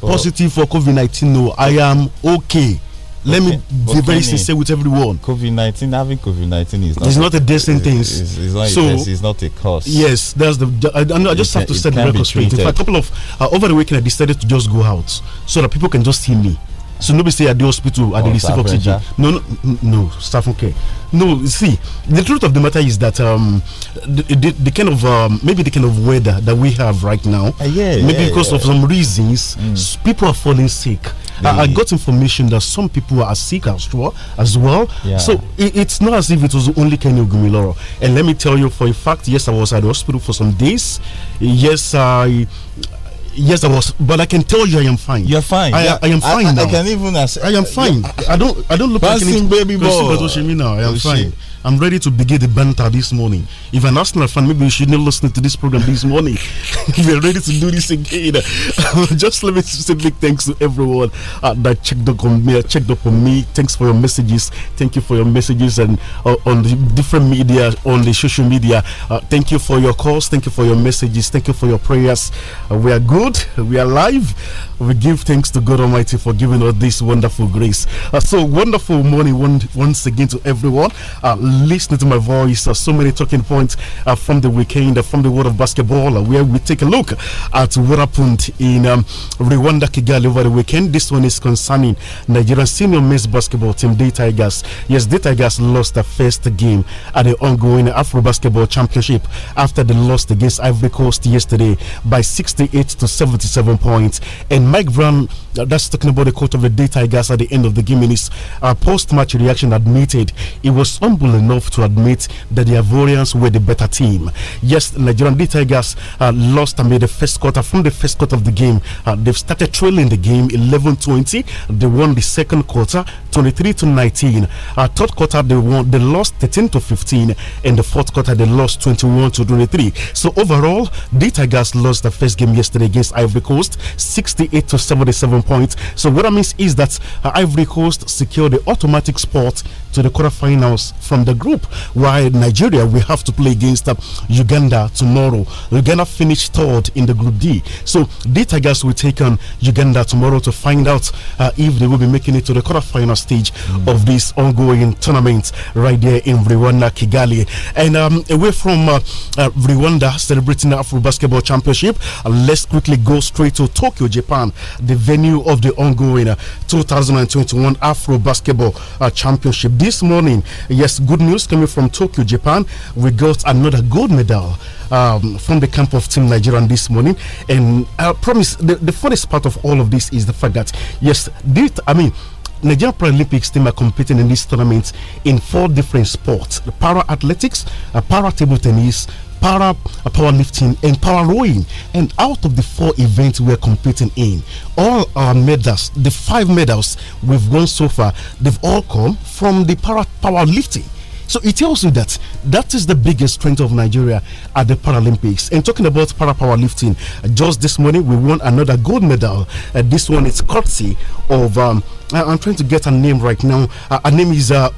but, positive for COVID 19. No, I am okay. Let okay. me be very sincere with everyone. COVID 19, having COVID 19 is not, it's not a decent thing. It's, it's, not so, a it's not a cause. Yes, there's the. I, I just it have can, to set the record straight. In fact, a couple of. Uh, over the weekend, I decided to just go out so that people can just see me so nobody say at the hospital at the receive oh, oxygen no no no staff care no see the truth of the matter is that um the, the, the kind of um, maybe the kind of weather that we have right now uh, yeah, maybe yeah, because yeah. of some reasons mm. people are falling sick I, I, got information that some people are sick as well as well so it, it's not as if it was only Kenny Ogumiloro and let me tell you for a fact yes I was at the hospital for some days yes I Yes, I was, but I can tell you I am fine. You're fine. I, yeah. I, I am fine I, now. I can even. ask I am uh, fine. Yeah. I don't. I don't look Passing like any baby boy. What mean now? I am oh, fine. I'm ready to begin the banter this morning. If an Arsenal fan, maybe you shouldn't listen to this program this morning. if you're ready to do this again, just let me say big thanks to everyone uh, that checked up on me. Checked up on me. Thanks for your messages. Thank you for your messages and uh, on the different media, on the social media. Uh, thank you for your calls. Thank you for your messages. Thank you for your prayers. Uh, we are good. We are live we give thanks to God Almighty for giving us this wonderful grace. Uh, so wonderful morning one, once again to everyone. Uh, listening to my voice, uh, so many talking points uh, from the weekend, uh, from the world of basketball, uh, where we take a look at what happened in um, Rwanda, Kigali over the weekend. This one is concerning Nigerian senior men's basketball team, the Tigers. Yes, the Tigers lost their first game at the ongoing Afro Basketball Championship after they lost against Ivory Coast yesterday by 68 to 77 points. And and Mike Brown, that's talking about the coach of the Day Tigers at the end of the game in his uh, post match reaction, admitted he was humble enough to admit that the Ivorians were the better team. Yes, Nigerian Day Tigers uh, lost amid the first quarter. From the first quarter of the game, uh, they've started trailing the game 11 20. They won the second quarter 23 to 19. Uh, third quarter, they won, they lost 13 to 15. In the fourth quarter, they lost 21 to 23. So overall, the Tigers lost the first game yesterday against Ivory Coast 68 Eight to 77 points. So what that means is that uh, Ivory Coast secured the automatic spot to the quarterfinals from the group, while Nigeria will have to play against uh, Uganda tomorrow. Uganda finished third in the Group D. So the Tigers will take on Uganda tomorrow to find out uh, if they will be making it to the quarterfinal stage mm. of this ongoing tournament right there in Rwanda, Kigali. And um, away from uh, uh Rwanda celebrating the Afro Basketball Championship, uh, let's quickly go straight to Tokyo, Japan. Amsterdam, the venue of the ongoing uh, 2021 Afro Basketball uh, Championship. This morning, yes, good news coming from Tokyo, Japan. We got another gold medal. Um, from the camp of Team Nigerian this morning. And I uh, promise the, the funniest part of all of this is the fact that, yes, this, I mean, Nigeria Paralympics team are competing in this tournament in four different sports para athletics, uh, para table tennis, para uh, powerlifting and para rowing. And out of the four events we're competing in, all our medals, the five medals we've won so far, they've all come from the para powerlifting. So it tells you that that is the biggest strength of Nigeria at the Paralympics. And talking about para powerlifting, just this morning we won another gold medal. Uh, this one is courtesy of. Um, I'm trying to get her name right now. Uh, her name is uh,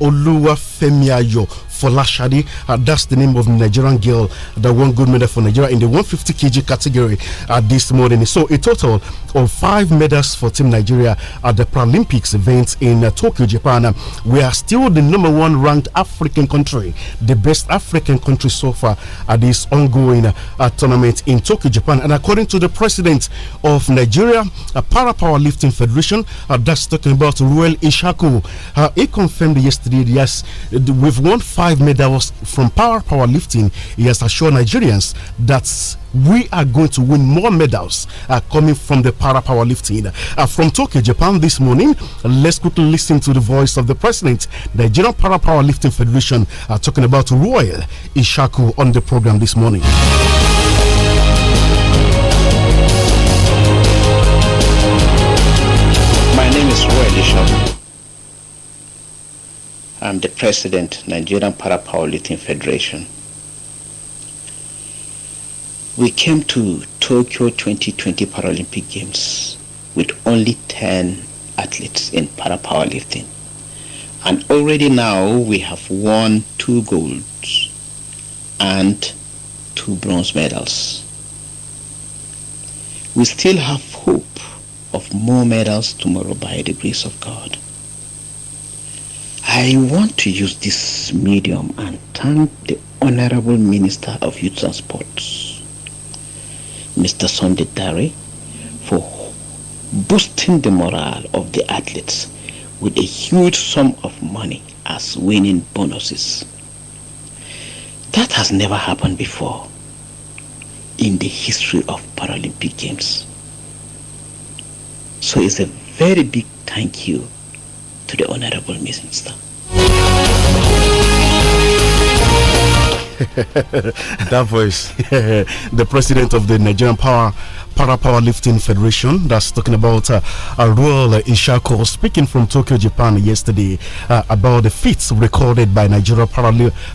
for last Uh, that's the name of Nigerian girl that won gold medal for Nigeria in the 150 kg category uh, this morning. So a total of five medals for Team Nigeria at the Paralympics event in uh, Tokyo, Japan. Uh, we are still the number one ranked African country, the best African country so far at this ongoing uh, tournament in Tokyo, Japan. And according to the president of Nigeria uh, Para Powerlifting Federation, uh, that's talking about Ruel Ishaku, uh, he confirmed yesterday, yes, we've won five five medals from power powerlifting, he has assured Nigerians that we are going to win more medals uh, coming from the para powerlifting. Uh, from Tokyo, Japan this morning, let's quickly listen to the voice of the president, the General Para Powerlifting Federation, uh, talking about Royal Ishaku on the program this morning. My name is Royal Ishaku. I'm the president, Nigerian Para Powerlifting Federation. We came to Tokyo 2020 Paralympic Games with only 10 athletes in para powerlifting. And already now we have won two golds and two bronze medals. We still have hope of more medals tomorrow by the grace of God. I want to use this medium and thank the Honorable Minister of Youth and Sports, Mr. Sunday Dari, for boosting the morale of the athletes with a huge sum of money as winning bonuses. That has never happened before in the history of Paralympic Games. So it's a very big thank you to the Honorable Minister. that voice. the president of the Nigerian Power Para Powerlifting Federation that's talking about uh, a role uh, in Shako speaking from Tokyo, Japan yesterday uh, about the feats recorded by Nigeria para,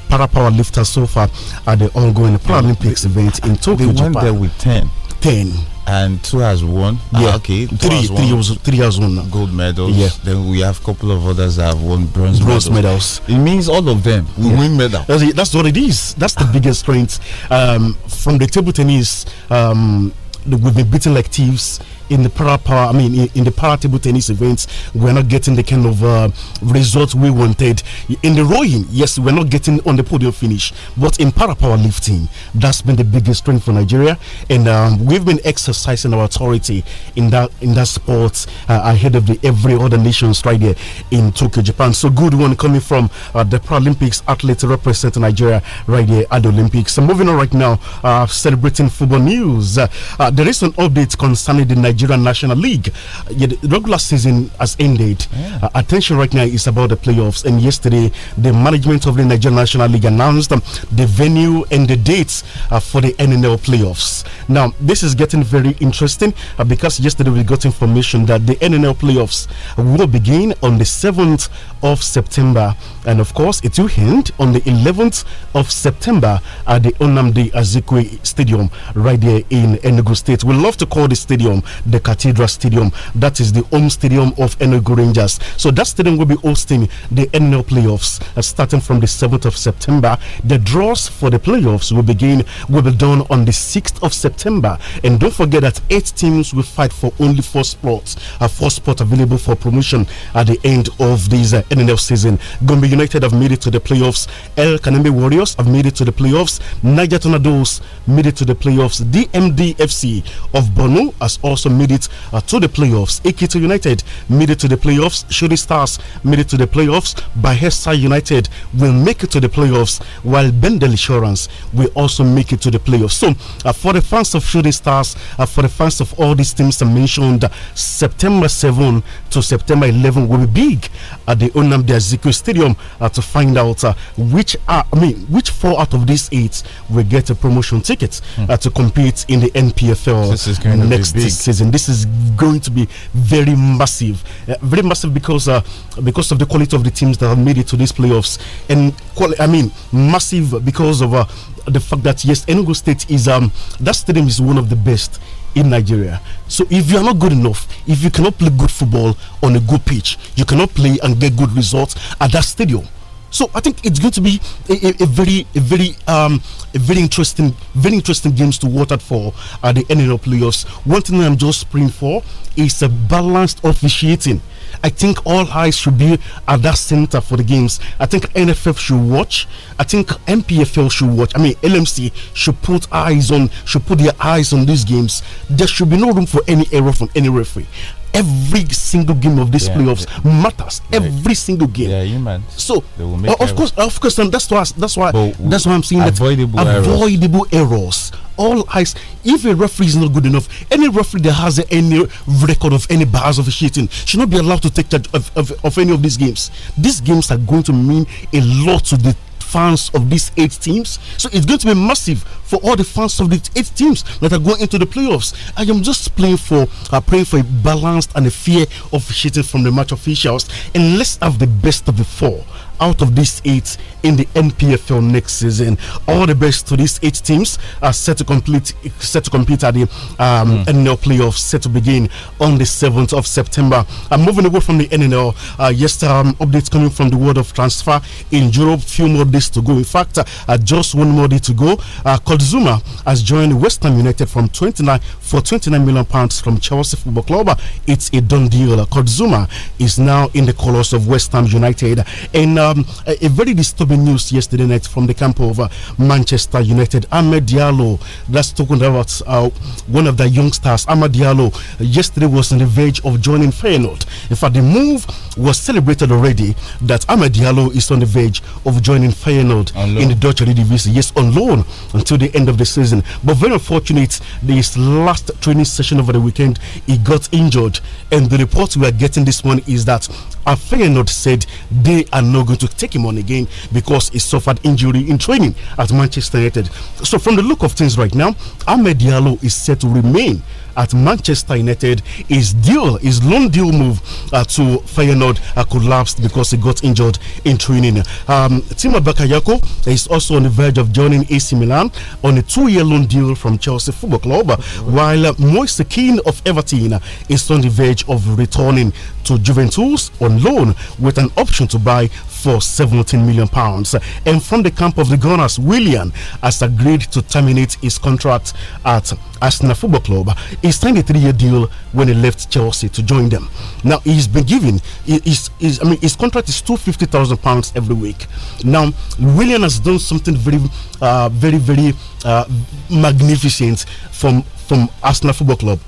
para powerlifters so far at the ongoing Paralympics event in Tokyo, they went there with 10. 10 and two has won. Ah, yeah, ah, okay. Two three, has won. three, three has won Gold medals. Yeah. Then we have a couple of others that have won bronze, bronze medals. medals. It means all of them yeah. win medal. That's, that's what it is. That's the biggest strength um, from the table tennis. Um, we've been beaten like thieves in the para power, I mean, in, in the para table tennis events, we're not getting the kind of uh, results we wanted. In the rowing, yes, we're not getting on the podium finish, but in para power lifting, that's been the biggest strength for Nigeria, and um, we've been exercising our authority in that in that sport uh, ahead of the every other nations right here in Tokyo, Japan. So good one coming from uh, the Paralympics athlete representing Nigeria right here at the Olympics. So moving on right now, uh, celebrating football news. Uh, uh, there is an update concerning the Nigeria. Nigerian National League. the regular season has ended. Yeah. Uh, attention right now is about the playoffs. And yesterday, the management of the Nigerian National League announced um, the venue and the dates uh, for the NNL playoffs. Now, this is getting very interesting uh, because yesterday we got information that the NNL playoffs will begin on the 7th of September. And of course, it will end on the 11th of September at the Onamdi Azikwe Stadium right there in Enugu State. We love to call the stadium the Cathedral Stadium. That is the home stadium of Enugu Rangers. So that stadium will be hosting the NL playoffs uh, starting from the 7th of September. The draws for the playoffs will begin, will be done on the 6th of September. And don't forget that eight teams will fight for only four spots, a uh, four spot available for promotion at the end of this uh, season. Gombe United have made it to the playoffs. El Kanembe Warriors have made it to the playoffs. Niger Tornadoes made it to the playoffs. DMDFC of Bono has also made it uh, to the playoffs. Ekiti United made it to the playoffs. Shooting Stars made it to the playoffs. Bahesa United will make it to the playoffs, while Bendel Insurance will also make it to the playoffs. So, uh, for the fans of Shooting Stars, uh, for the fans of all these teams I mentioned, September 7 to September 11 will be big at the Onamdi Azikwe Stadium uh, to find out uh, which are, I mean, which four out of these eight will get a promotion ticket hmm. uh, to compete in the NPFL next season season. This is going to be very massive, uh, very massive because uh, because of the quality of the teams that have made it to these playoffs, and I mean massive because of uh, the fact that yes, Enugu State is um that stadium is one of the best in Nigeria. So if you are not good enough, if you cannot play good football on a good pitch, you cannot play and get good results at that stadium. So I think it's going to be a, a, a very, a very, um, a very interesting, very interesting games to watch for at the end of playoffs. One thing I'm just praying for is a balanced officiating. I think all eyes should be at that center for the games. I think NFF should watch. I think MPFL should watch. I mean, LMC should put eyes on, should put their eyes on these games. There should be no room for any error from any referee every single game of these yeah, playoffs matters. every single game. Yeah, man. So uh, of course, of course, and that's why that's why that's why I'm saying avoidable that avoidable errors. All eyes. If a referee is not good enough, any referee that has any record of any bars of cheating should not be allowed to take charge of, of, of any of these games. These games are going to mean a lot to the fans of these eight teams. So it's going to be massive for all the fans of these eight teams that are going into the playoffs. I am just playing for uh, praying for a balanced and a fair officiating from the match officials, and let's have the best of the four out of these eight in the NPFL next season. All the best to these eight teams are uh, set to complete set to compete at the um, mm. NNL playoffs set to begin on the 7th of September. I'm moving away from the NNL. Uh, yes, um, updates coming from the world of transfer in Europe. Few more days to go. In fact, uh, just one more day to go. Uh, Kodzuma has joined West Ham United from 29 for 29 million pounds from Chelsea Football Club. It's a done deal. Kodzuma is now in the colours of West Ham United. And uh, um, a, a, very disturbing news yesterday night from the camp of uh, Manchester United. Ahmed Diallo, that's talking about uh, one of the youngsters. Ahmed Diallo yesterday was on the verge of joining Feyenoord. In fact, the move was celebrated already that Ahmed Diallo is on the verge of joining Feyenoord in the Dutch Eredivisie. Yes, on loan until the end of the season. But very unfortunate, this last training session over the weekend, he got injured. And the report we are getting this one is that and Feyenoord said they are not going to take him on again because he suffered injury in training at Manchester United. So, from the look of things right now, Ahmed Diallo is set to remain at Manchester United, his deal, his loan deal move uh, to Feyenoord uh, collapsed because he got injured in training. Um, Timo Bakayako is also on the verge of joining AC Milan on a two-year loan deal from Chelsea Football Club, while uh, Moise Keane of Everton is on the verge of returning to Juventus on loan with an option to buy for 17 million pounds. And from the camp of the Gunners, William has agreed to terminate his contract at Arsenal Football Club. He signed a three-year deal when he left Chelsea to join them. Now he's been given, his I mean, his contract is two fifty thousand pounds every week. Now William has done something very, uh, very, very uh, magnificent from from Arsenal Football Club.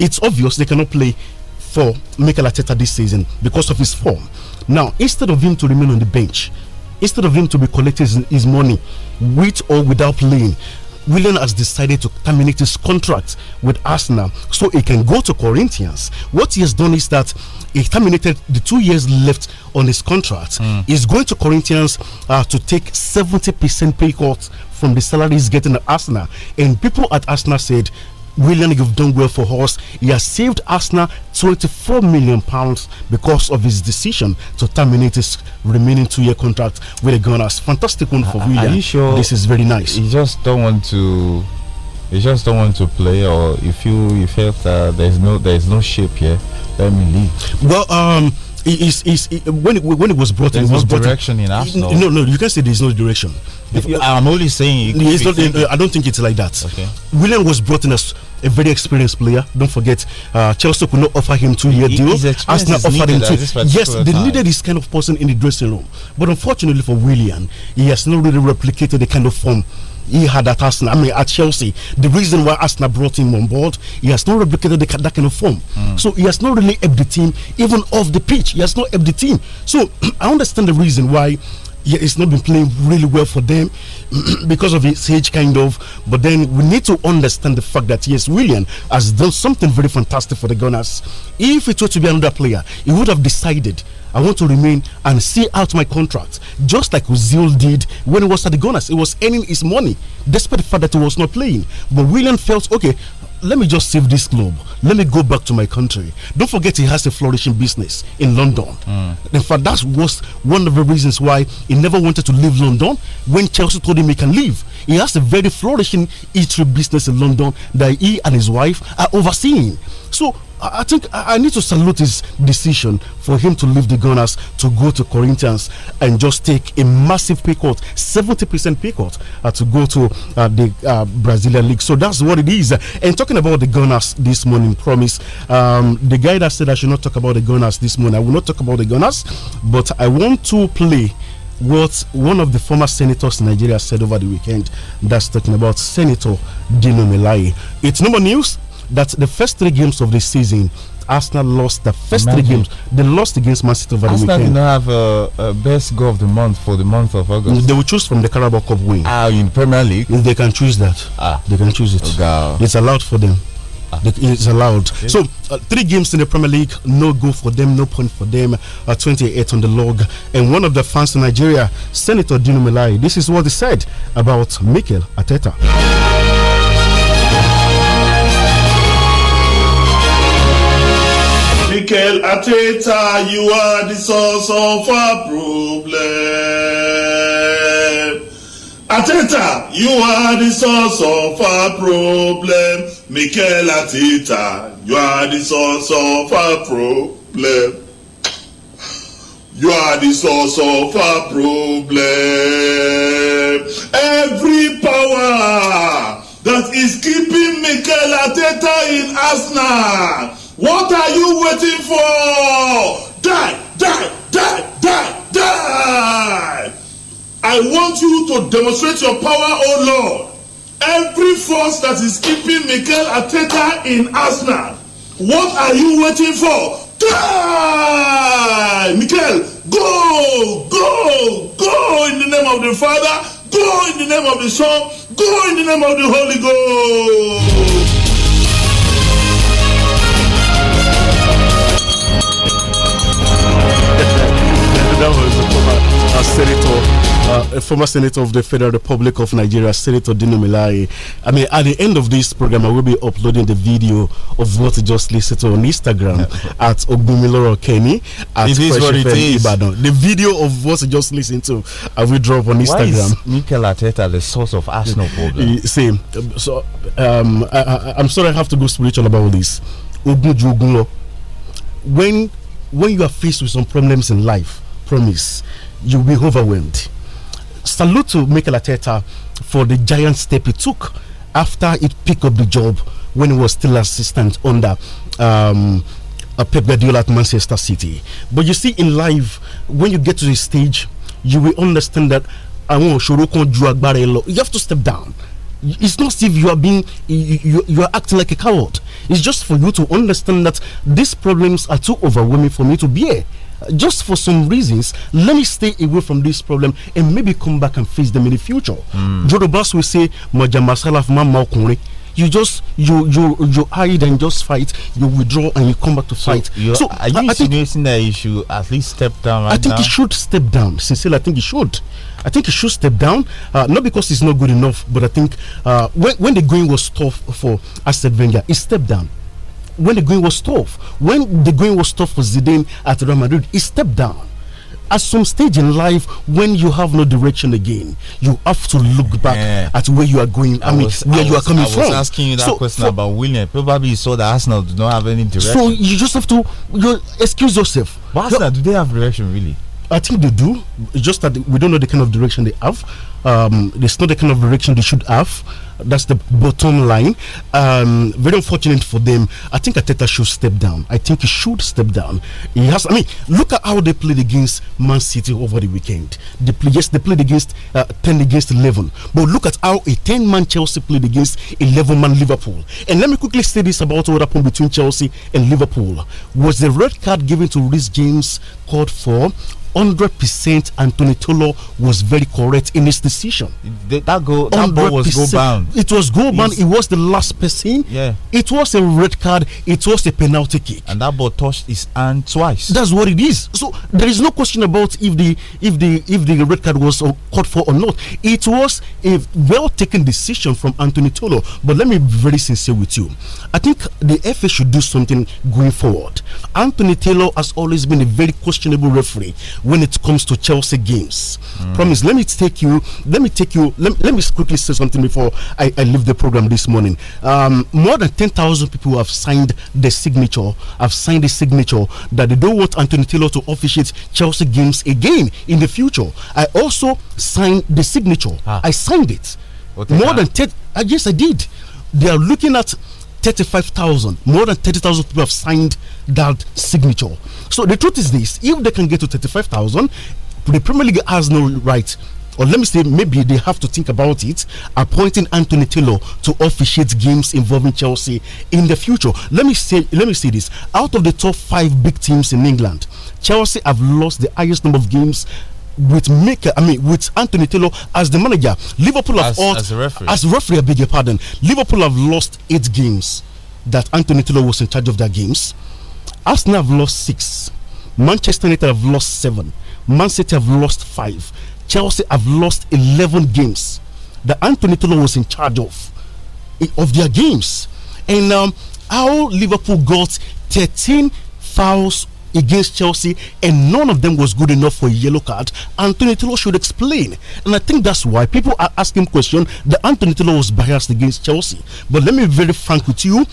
It's obvious they cannot play for Mikel Arteta this season because of his form. Now instead of him to remain on the bench, instead of him to be collecting his, his money with or without playing. Willian has decided to terminate his contract with Arsenal so he can go to Corinthians. What he has done is that he terminated the two years left on his contract. Mm. He's going to Corinthians uh, to take 70% pay cut from the salaries getting at Arsenal. And people at Arsenal said William, you've done well for us. He has saved Arsenal 24 million pounds because of his decision to terminate his remaining two-year contract with the Gunners. Fantastic one for William. Are you sure? This is very nice. He just don't want to. He just don't want to play, or if you if felt there's no there's no shape here, let me leave. Well, um it's, when, it, when it was brought there's in, it was no direction in, in Arsenal. No, no, you can't say there's no direction. I'm only saying. It's not, uh, I don't think it's like that. Okay. William was brought in as a very experienced player. Don't forget, uh, Chelsea could not offer him two-year deal. Arsenal offered him two. Yes, they time. needed this kind of person in the dressing room. But unfortunately for William, he has not really replicated the kind of form he had at Arsenal, I mean at Chelsea. The reason why Arsenal brought him on board, he has not replicated the, that kind of form. Mm. So he has not really helped the team, even off the pitch. He has not helped the team. So I understand the reason why yeah, it's not been playing really well for them because of his age, kind of. But then we need to understand the fact that yes, William has done something very fantastic for the Gunners. If it were to be another player, he would have decided. I want to remain and see out my contract, just like Ozil did when he was at the Gunners. He was earning his money, despite the fact that he was not playing. But William felt, okay, let me just save this globe. Let me go back to my country. Don't forget, he has a flourishing business in London. Mm. In fact, that was one of the reasons why he never wanted to leave London when Chelsea told him he can leave. He has a very flourishing eatery business in London that he and his wife are overseeing. So I think I need to salute his decision for him to leave the Gunners to go to Corinthians and just take a massive pay cut, 70% pay cut, uh, to go to uh, the uh, Brazilian League. So that's what it is. And talking about the Gunners this morning, promise um, the guy that said I should not talk about the Gunners this morning, I will not talk about the Gunners, but I want to play what one of the former senators in Nigeria said over the weekend. That's talking about Senator Dino Melai. It's number news that the first three games of the season, Arsenal lost the first Imagine. three games. They lost against Man City over Arsenal the weekend. Arsenal did not have a, uh, a, uh, best goal of the month for the month of August. They will choose from the Carabao Cup win. Ah, in Premier League, they can choose that. Ah, they can choose it. Okay. It's allowed for them. Ah. It's allowed. Okay. So, uh, three games in the Premier League, no goal for them, no point for them. Uh, 28 on the log. And one of the fans in Nigeria, Senator Dino Melai, this is what he said about Mikel Ateta. Mikel Ateta, you are the source of our problem. Ateta, you are the source of our problem. Mikel Ateta, you are the source of our problem. You are the source of our problem. Every power that is keeping Mikel Ateta in Arsenal What are you waiting for? Die, die, die, die, die. I want you to demonstrate your power, O oh Lord. Every force that is keeping Mikel Ateta in Arsenal, what are you waiting for? Die! Mikel, go, go, go in the name of the Father, go in the name of the Son, go in the name of the Holy Ghost. uh, Senator, uh, former Senator of the Federal Republic of Nigeria, Senator Dino Milai. I mean, at the end of this program, I will be uploading the video of what you just listened to on Instagram at Ogbumiloro Kenny at it is what it is. Ibadan. The video of what you just listened to, I will drop on Instagram. Why is Mikel Ateta the source of Arsenal problem? Same. So, um, I, am sorry I have to go spiritual about this. When when you are faced with some problems in life, promise you will be overwhelmed. Salute to Mikel Arteta for the giant step he took after he picked up the job when he was still assistant under um, uh, Pep Guardiola at Manchester City. But you see, in life, when you get to this stage, you will understand that I òṣòro kan ju you have to step down it's not as if you are being you, you, you are acting like a coward it's just for you to understand that these problems are too overwhelming for me to bear just for some reasons, let me stay away from this problem and maybe come back and face them in the future. Mm. Jorobas will say, you just you you you hide and just fight you withdraw and you come back to fight so, so are you I, insinuating that you should at least step down right i think now? he should step down sincerely i think he should I think he should step down, uh, not because he's not good enough, but I think uh, when, when the going was tough for Asset Venger, he stepped down when the going was tough. When the going was tough for Zidane at Real Madrid, he stepped down at some stage in life when you have no direction again you have to look back yeah. at where you are going i, I mean where I you are coming from i was from. asking you that so question for, about william probably you saw that arsenal do not have any direction so you just have to you excuse yourself but arsenal do they have direction really I think they do. Just that we don't know the kind of direction they have. Um, it's not the kind of direction they should have. That's the bottom line. Um, very unfortunate for them. I think Ateta should step down. I think he should step down. He has. I mean, look at how they played against Man City over the weekend. They play, yes, they played against uh, ten against eleven. But look at how a ten-man Chelsea played against eleven-man Liverpool. And let me quickly say this about what happened between Chelsea and Liverpool. Was the red card given to Rhys James called for? 100% Anthony Tolo was very correct in his decision. that goal, that ball was goal bound. It was goal bound. It was the last person. Yeah. It was a red card. It was a penalty kick. And that ball touched his hand twice. That's what it is. So there is no question about if the if the if the red card was uh, called for or not. It was a well taken decision from Anthony Tolo. But let me be very sincere with you. I think the FA should do something going forward. Anthony Taylor has always been a very questionable referee when it comes to Chelsea games. Mm. Promise, let me take you, let me take you, let, let me quickly say something before I, I leave the program this morning. Um, more than 10,000 people have signed the signature, have signed the signature that they don't want Anthony Taylor to officiate Chelsea games again in the future. I also signed the signature. Ah. I signed it. Okay, more than 10, uh, yes, I did. They are looking at 35,000, more than 30,000 people have signed that signature. So the truth is this: if they can get to thirty-five thousand, the Premier League has no right or let me say maybe they have to think about it appointing Anthony Taylor to officiate games involving Chelsea in the future let me say let me say this out of the top 5 big teams in England Chelsea have lost the highest number of games with Maker, I mean, with Anthony Taylor as the manager, Liverpool have as, ought, as a referee. As referee, I beg your pardon. Liverpool have lost eight games that Anthony Taylor was in charge of their games. Arsenal have lost six. Manchester United have lost seven. Man City have lost five. Chelsea have lost 11 games that Anthony Taylor was in charge of, of their games. And um, how Liverpool got 13 fouls against Chelsea and none of them was good enough for a yellow card, Anthony Taylor should explain. And I think that's why people are asking question that Anthony Taylor was biased against Chelsea. But let me be very frank with you,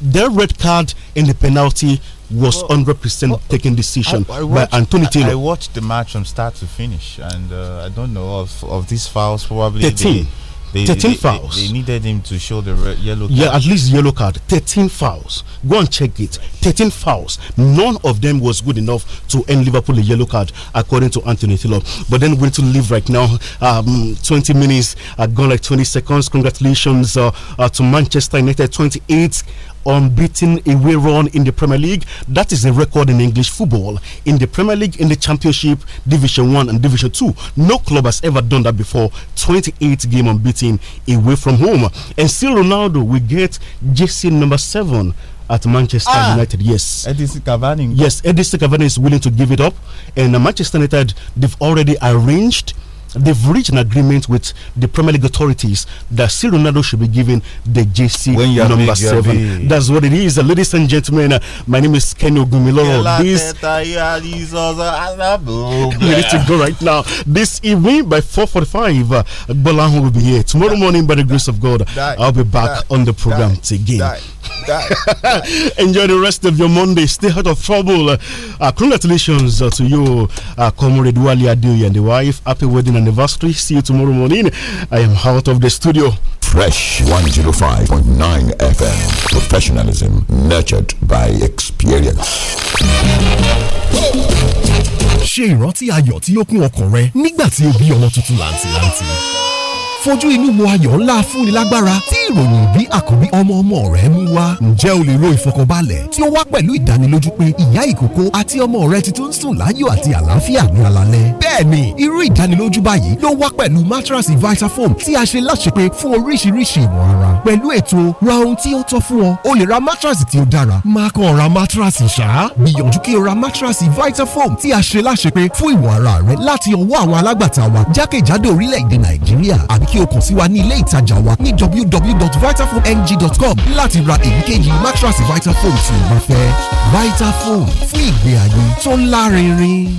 their red card and the penalty was well, 100% well, decision I, I watched, by Anthony Taylor. I, I, watched the match from start to finish, and uh, I don't know of, of these fouls probably. 13. They, they, 13 they, fouls. They, needed him to show the yellow card. Yeah, at least yellow card. 13 fouls. Go and check it. 13 fouls. None of them was good enough to end Liverpool a yellow card, according to Anthony Taylor. But then we need to leave right now. Um, 20 minutes, gone like 20 seconds. Congratulations uh, uh, to Manchester United. 28 unbeaten away run in the Premier League. That is a record in English football. In the Premier League, in the Championship, Division 1 and Division 2. No club has ever done that before. 28 game unbeaten away from home. And still Ronaldo will get JC number 7 at Manchester ah, United. Yes. Edison Cavani. Yes, Edison Cavani is willing to give it up. And Manchester United, they've already arranged they've reached an agreement with the Premier League authorities that C. Ronaldo should be given the JC number big, seven. That's what it is, uh, ladies and gentlemen. Uh, my name is Kenny Ogumiloro. This we need to go right now. This evening by 4:45, uh, Bolan will be here. Tomorrow morning, by the grace of God, I'll be back on the program again. Enjoy the rest of your Monday. Stay out of trouble. Uh, uh, congratulations uh, to you, uh, Comrade Wali Adeoye and the wife. Happy wedding anniversary. See you tomorrow morning. I am out of the studio. Fresh 105.9 FM. Professionalism nurtured by experience. ṣe ìrántí ayọ̀ tí ó kún ọkàn rẹ nígbà tí o bí ọmọ tuntun làǹtìlanti fojú inú wo yola àkọ́bí ọmọ ọmọ rẹ mú wá. ǹjẹ́ o lè ro ìfọkànbalẹ̀ tí ó wá pẹ̀lú ìdánilójú pé ìyá ìkókó àti ọmọ rẹ ti tún sùn láyọ̀ àti àlàáfíà ní alalẹ́. iya ati omo ìdánilójú báyìí ló wá No lo wa mátrasì Vitafoam tí a ṣe láṣepé fún oríṣiríṣi ìwọ̀n ara. pẹ̀lú ètò ra ohun tí ó tọ́ fún ọ o lè ra mátrasì tí ó dára má kàn si mátrasì ṣá. gbìyànjú kí o ra mátrasì Vitafoam tí a ṣe láṣepé fún ìwọ̀n ara rẹ láti ọwọ́ àwọn alágbàtà wa jákèjádò kí o kàn sí wa ní ilé ìtajà wa ní www.vitafoamng.com láti ra èyíkéyìí mattress Vitafoam tí o bá fẹ́ Vitafoam fún ìgbé ayé tó lárinrin.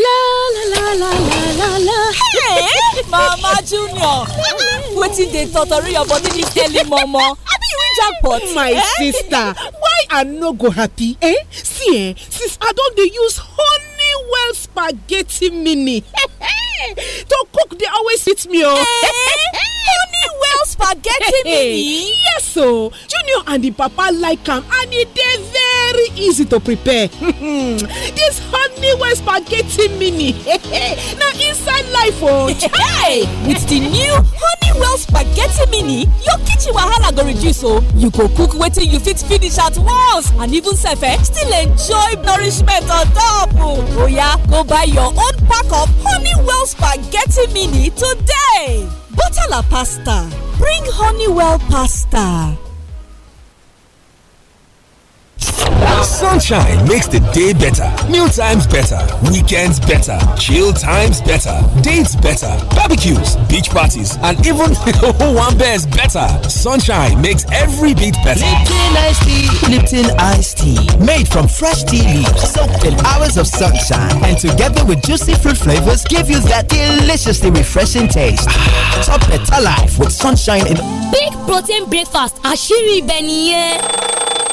La la la la la la. Hey, Mama Junior, wetin dey totori your body dis early momo? Abi you win jackpot? My eh? sister, why I no go happy? Eh? See eh, since I don dey use honey well spaghetti mini. to cook, they always hit me. Oh. Eh? well spaghetti mini. yes, oh. Junior and the papa like them, and it they very easy to prepare. this Honeywell spaghetti mini. now inside life, oh. Hey, with the new honey well spaghetti mini your kitchen wahala go reduce So oh. you go cook waiting, you fit finish at once and even sef eh, still enjoy nourishment on top o oh. oh, go buy your own pack of honeywell spaghetti mini today. Butter la pasta. Bring Honeywell pasta. Sunshine makes the day better, meal times better, weekends better, chill times better, dates better, barbecues, beach parties, and even one bears better. Sunshine makes every bit better. Lipton iced tea, Lipton iced tea, made from fresh tea leaves, soaked in hours of sunshine, and together with juicy fruit flavors, give you that deliciously refreshing taste. Top better life with sunshine in. Big protein breakfast, Ashiri Benny.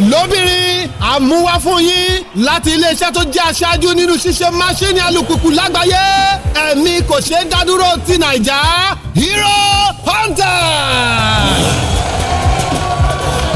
lóbìnrin àmúwá fún yín láti iléeṣẹ́ tó jẹ́ aṣáájú nínú ṣíṣe máṣíìnì alùpùpù lágbàáyé ẹ̀mí kò ṣeé dádúró ti nàìjà Hero Hunter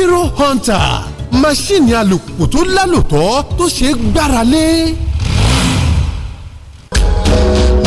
Hero Hunter máṣíìnì alùpùpù tó lálòtọ́ tó ṣeé gbára lé.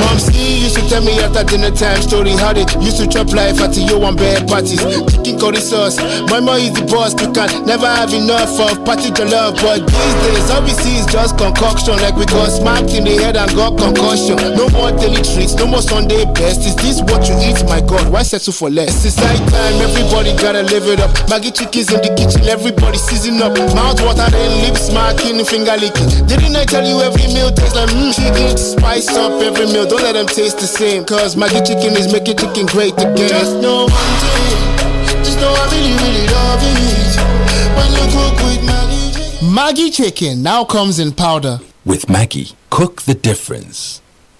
mọ̀mísì used to tell me after dinner time story how they used to chop life at the yo on bad parties. Chicken curry sauce, my mom is the boss, you can never have enough of party love. But these days, all we see is just concoction, like we got smacked in the head and got concussion. No more daily treats, no more Sunday best. Is this what you eat? My God, why settle for less? It's night time, everybody gotta live it up. Maggie chickens in the kitchen, everybody season up. Mouth water, then lips smacking, finger licking. Didn't I tell you every meal tastes like mmm? Chicken spice up every meal, don't let them taste the same. Cause Maggie chicken is making chicken great again. Just know one thing, just know I really, really love it. When you cook with Maggie chicken. Maggie chicken now comes in powder. With Maggie, cook the difference.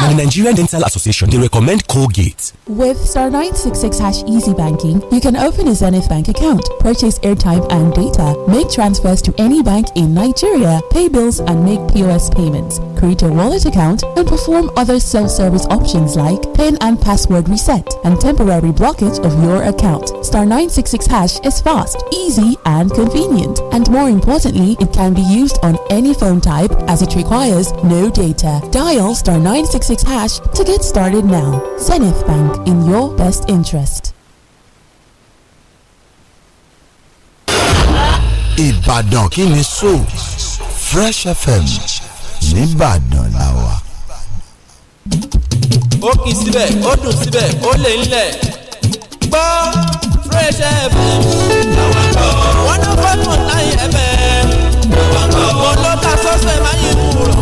Now, the Nigerian Dental Association, they recommend Colgate. With star 966 hash easy banking, you can open a Zenith bank account, purchase airtime and data, make transfers to any bank in Nigeria, pay bills and make POS payments, create a wallet account, and perform other self-service options like PIN and password reset and temporary blockage of your account. Star 966 hash is fast, easy, and convenient. And more importantly, it can be used on any phone type as it requires no data. Dial star 966 666 hash to get started now. Zenith Bank in your best interest. Ìbàdàn kí ni so Fresh FM nìbàdàn la wà. Ó kì í síbẹ̀, ó dùn síbẹ̀, ó lè ń Gbọ́ Fresh FM làwọn kan. Wọ́n náà fẹ́ mọ̀ láyé ẹ̀fẹ̀. Àwọn ló ta sọ́sẹ̀ máa yẹ kúrò.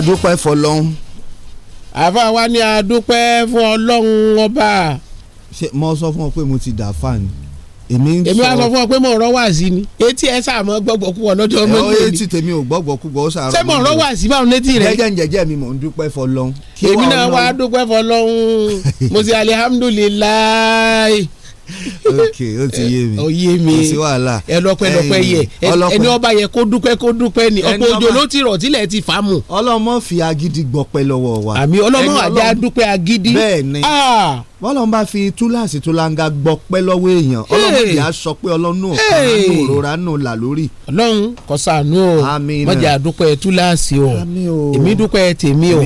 adúpẹ́ fọlọ́hún. àfa wa ni adúpẹ́ fún ọlọ́run ọba. ṣé mo sọ fún ọ pé mo ti dà fáàní èmi ń sọ èmi wá sọ fún ọ pé mò ń rọ wáàsí ni etí ẹ sàmọ gbọgbọ kúwọ lọ́jọ́ mọndé ni etí tèmi ò gbọgbọ kúwọ ó sàrọ mọndé sẹ mò ń rọ wáàsí báwọn létí rẹ jẹjẹ jẹjẹ mi mò ń dúpẹ́ fọ́lọ́run. èmi náà wá dúpẹ́ fọ́lọ́run mo sì alihamudulilayi ok ó ti yé mi ó yé mi kò sí wàhálà ẹ lọ́pẹ́lọpẹ́ yẹ ẹni ọba yẹ kó dúpẹ́ kó dúpẹ́ ni ọ̀pọ̀ òjò ló ti rọ̀ tilẹ̀ ti fà mù. ọlọ́mọ fi agídí gbọpẹ́ lọ́wọ́ wa. àmì ọlọ́mọ àjá dúpẹ́ agídí. bẹ́ẹ̀ni ah! bọ́lọ́n bá fi túláàsì túláńgá gbọpẹ́ lọ́wọ́ èèyàn ọlọ́mọdé á sọ pé ọlọ́nù ọ̀kan nù òrora nù là lórí. ọlọ́run kò sànú o mọ̀jà dúpẹ́ túláàsì o èmi dúpẹ́ tèmi o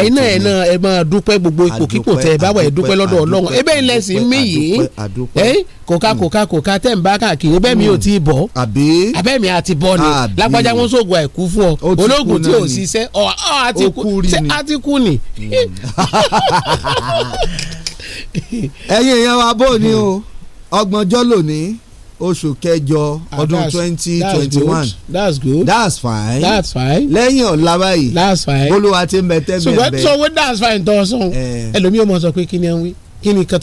ẹ̀yin náà ẹ̀ máa dúpẹ́ gbogbo ipò kíkò tẹ báwa ẹ̀ dúpẹ́ lọ́dọ̀ ọlọ́run ebe ńlẹ̀ sí mí yìí ẹ eh, hmm. kòká kòká kòká tẹ̀ ń bá káàkiri bẹ́ẹ̀ mi ò hmm. tí ì bọ̀ àbí abẹ́ mi àti bọ́ ni lágbájá wọn sóògùn àìkú fún ọ ológun tí ò ṣiṣẹ́ ọ àti kú ṣe àti kú ni. Hmm. ẹ̀yin èèyàn wa bó ni o ọgbọ̀njọ́ lónìí oṣù kẹjọ ah, ọdún twenty twenty one that's good that's fine that's fine lẹ́yìn ọ̀la báyìí that's fine olúwa ti ń bẹ tẹ́ bẹ́ẹ̀ bẹ́ẹ̀ ṣùgbọ́n sọ wọ́n that's fine tó sọ eh. ẹlòmíì ò mọ̀ sọ pé kí ni ẹ ń wí kí ni ti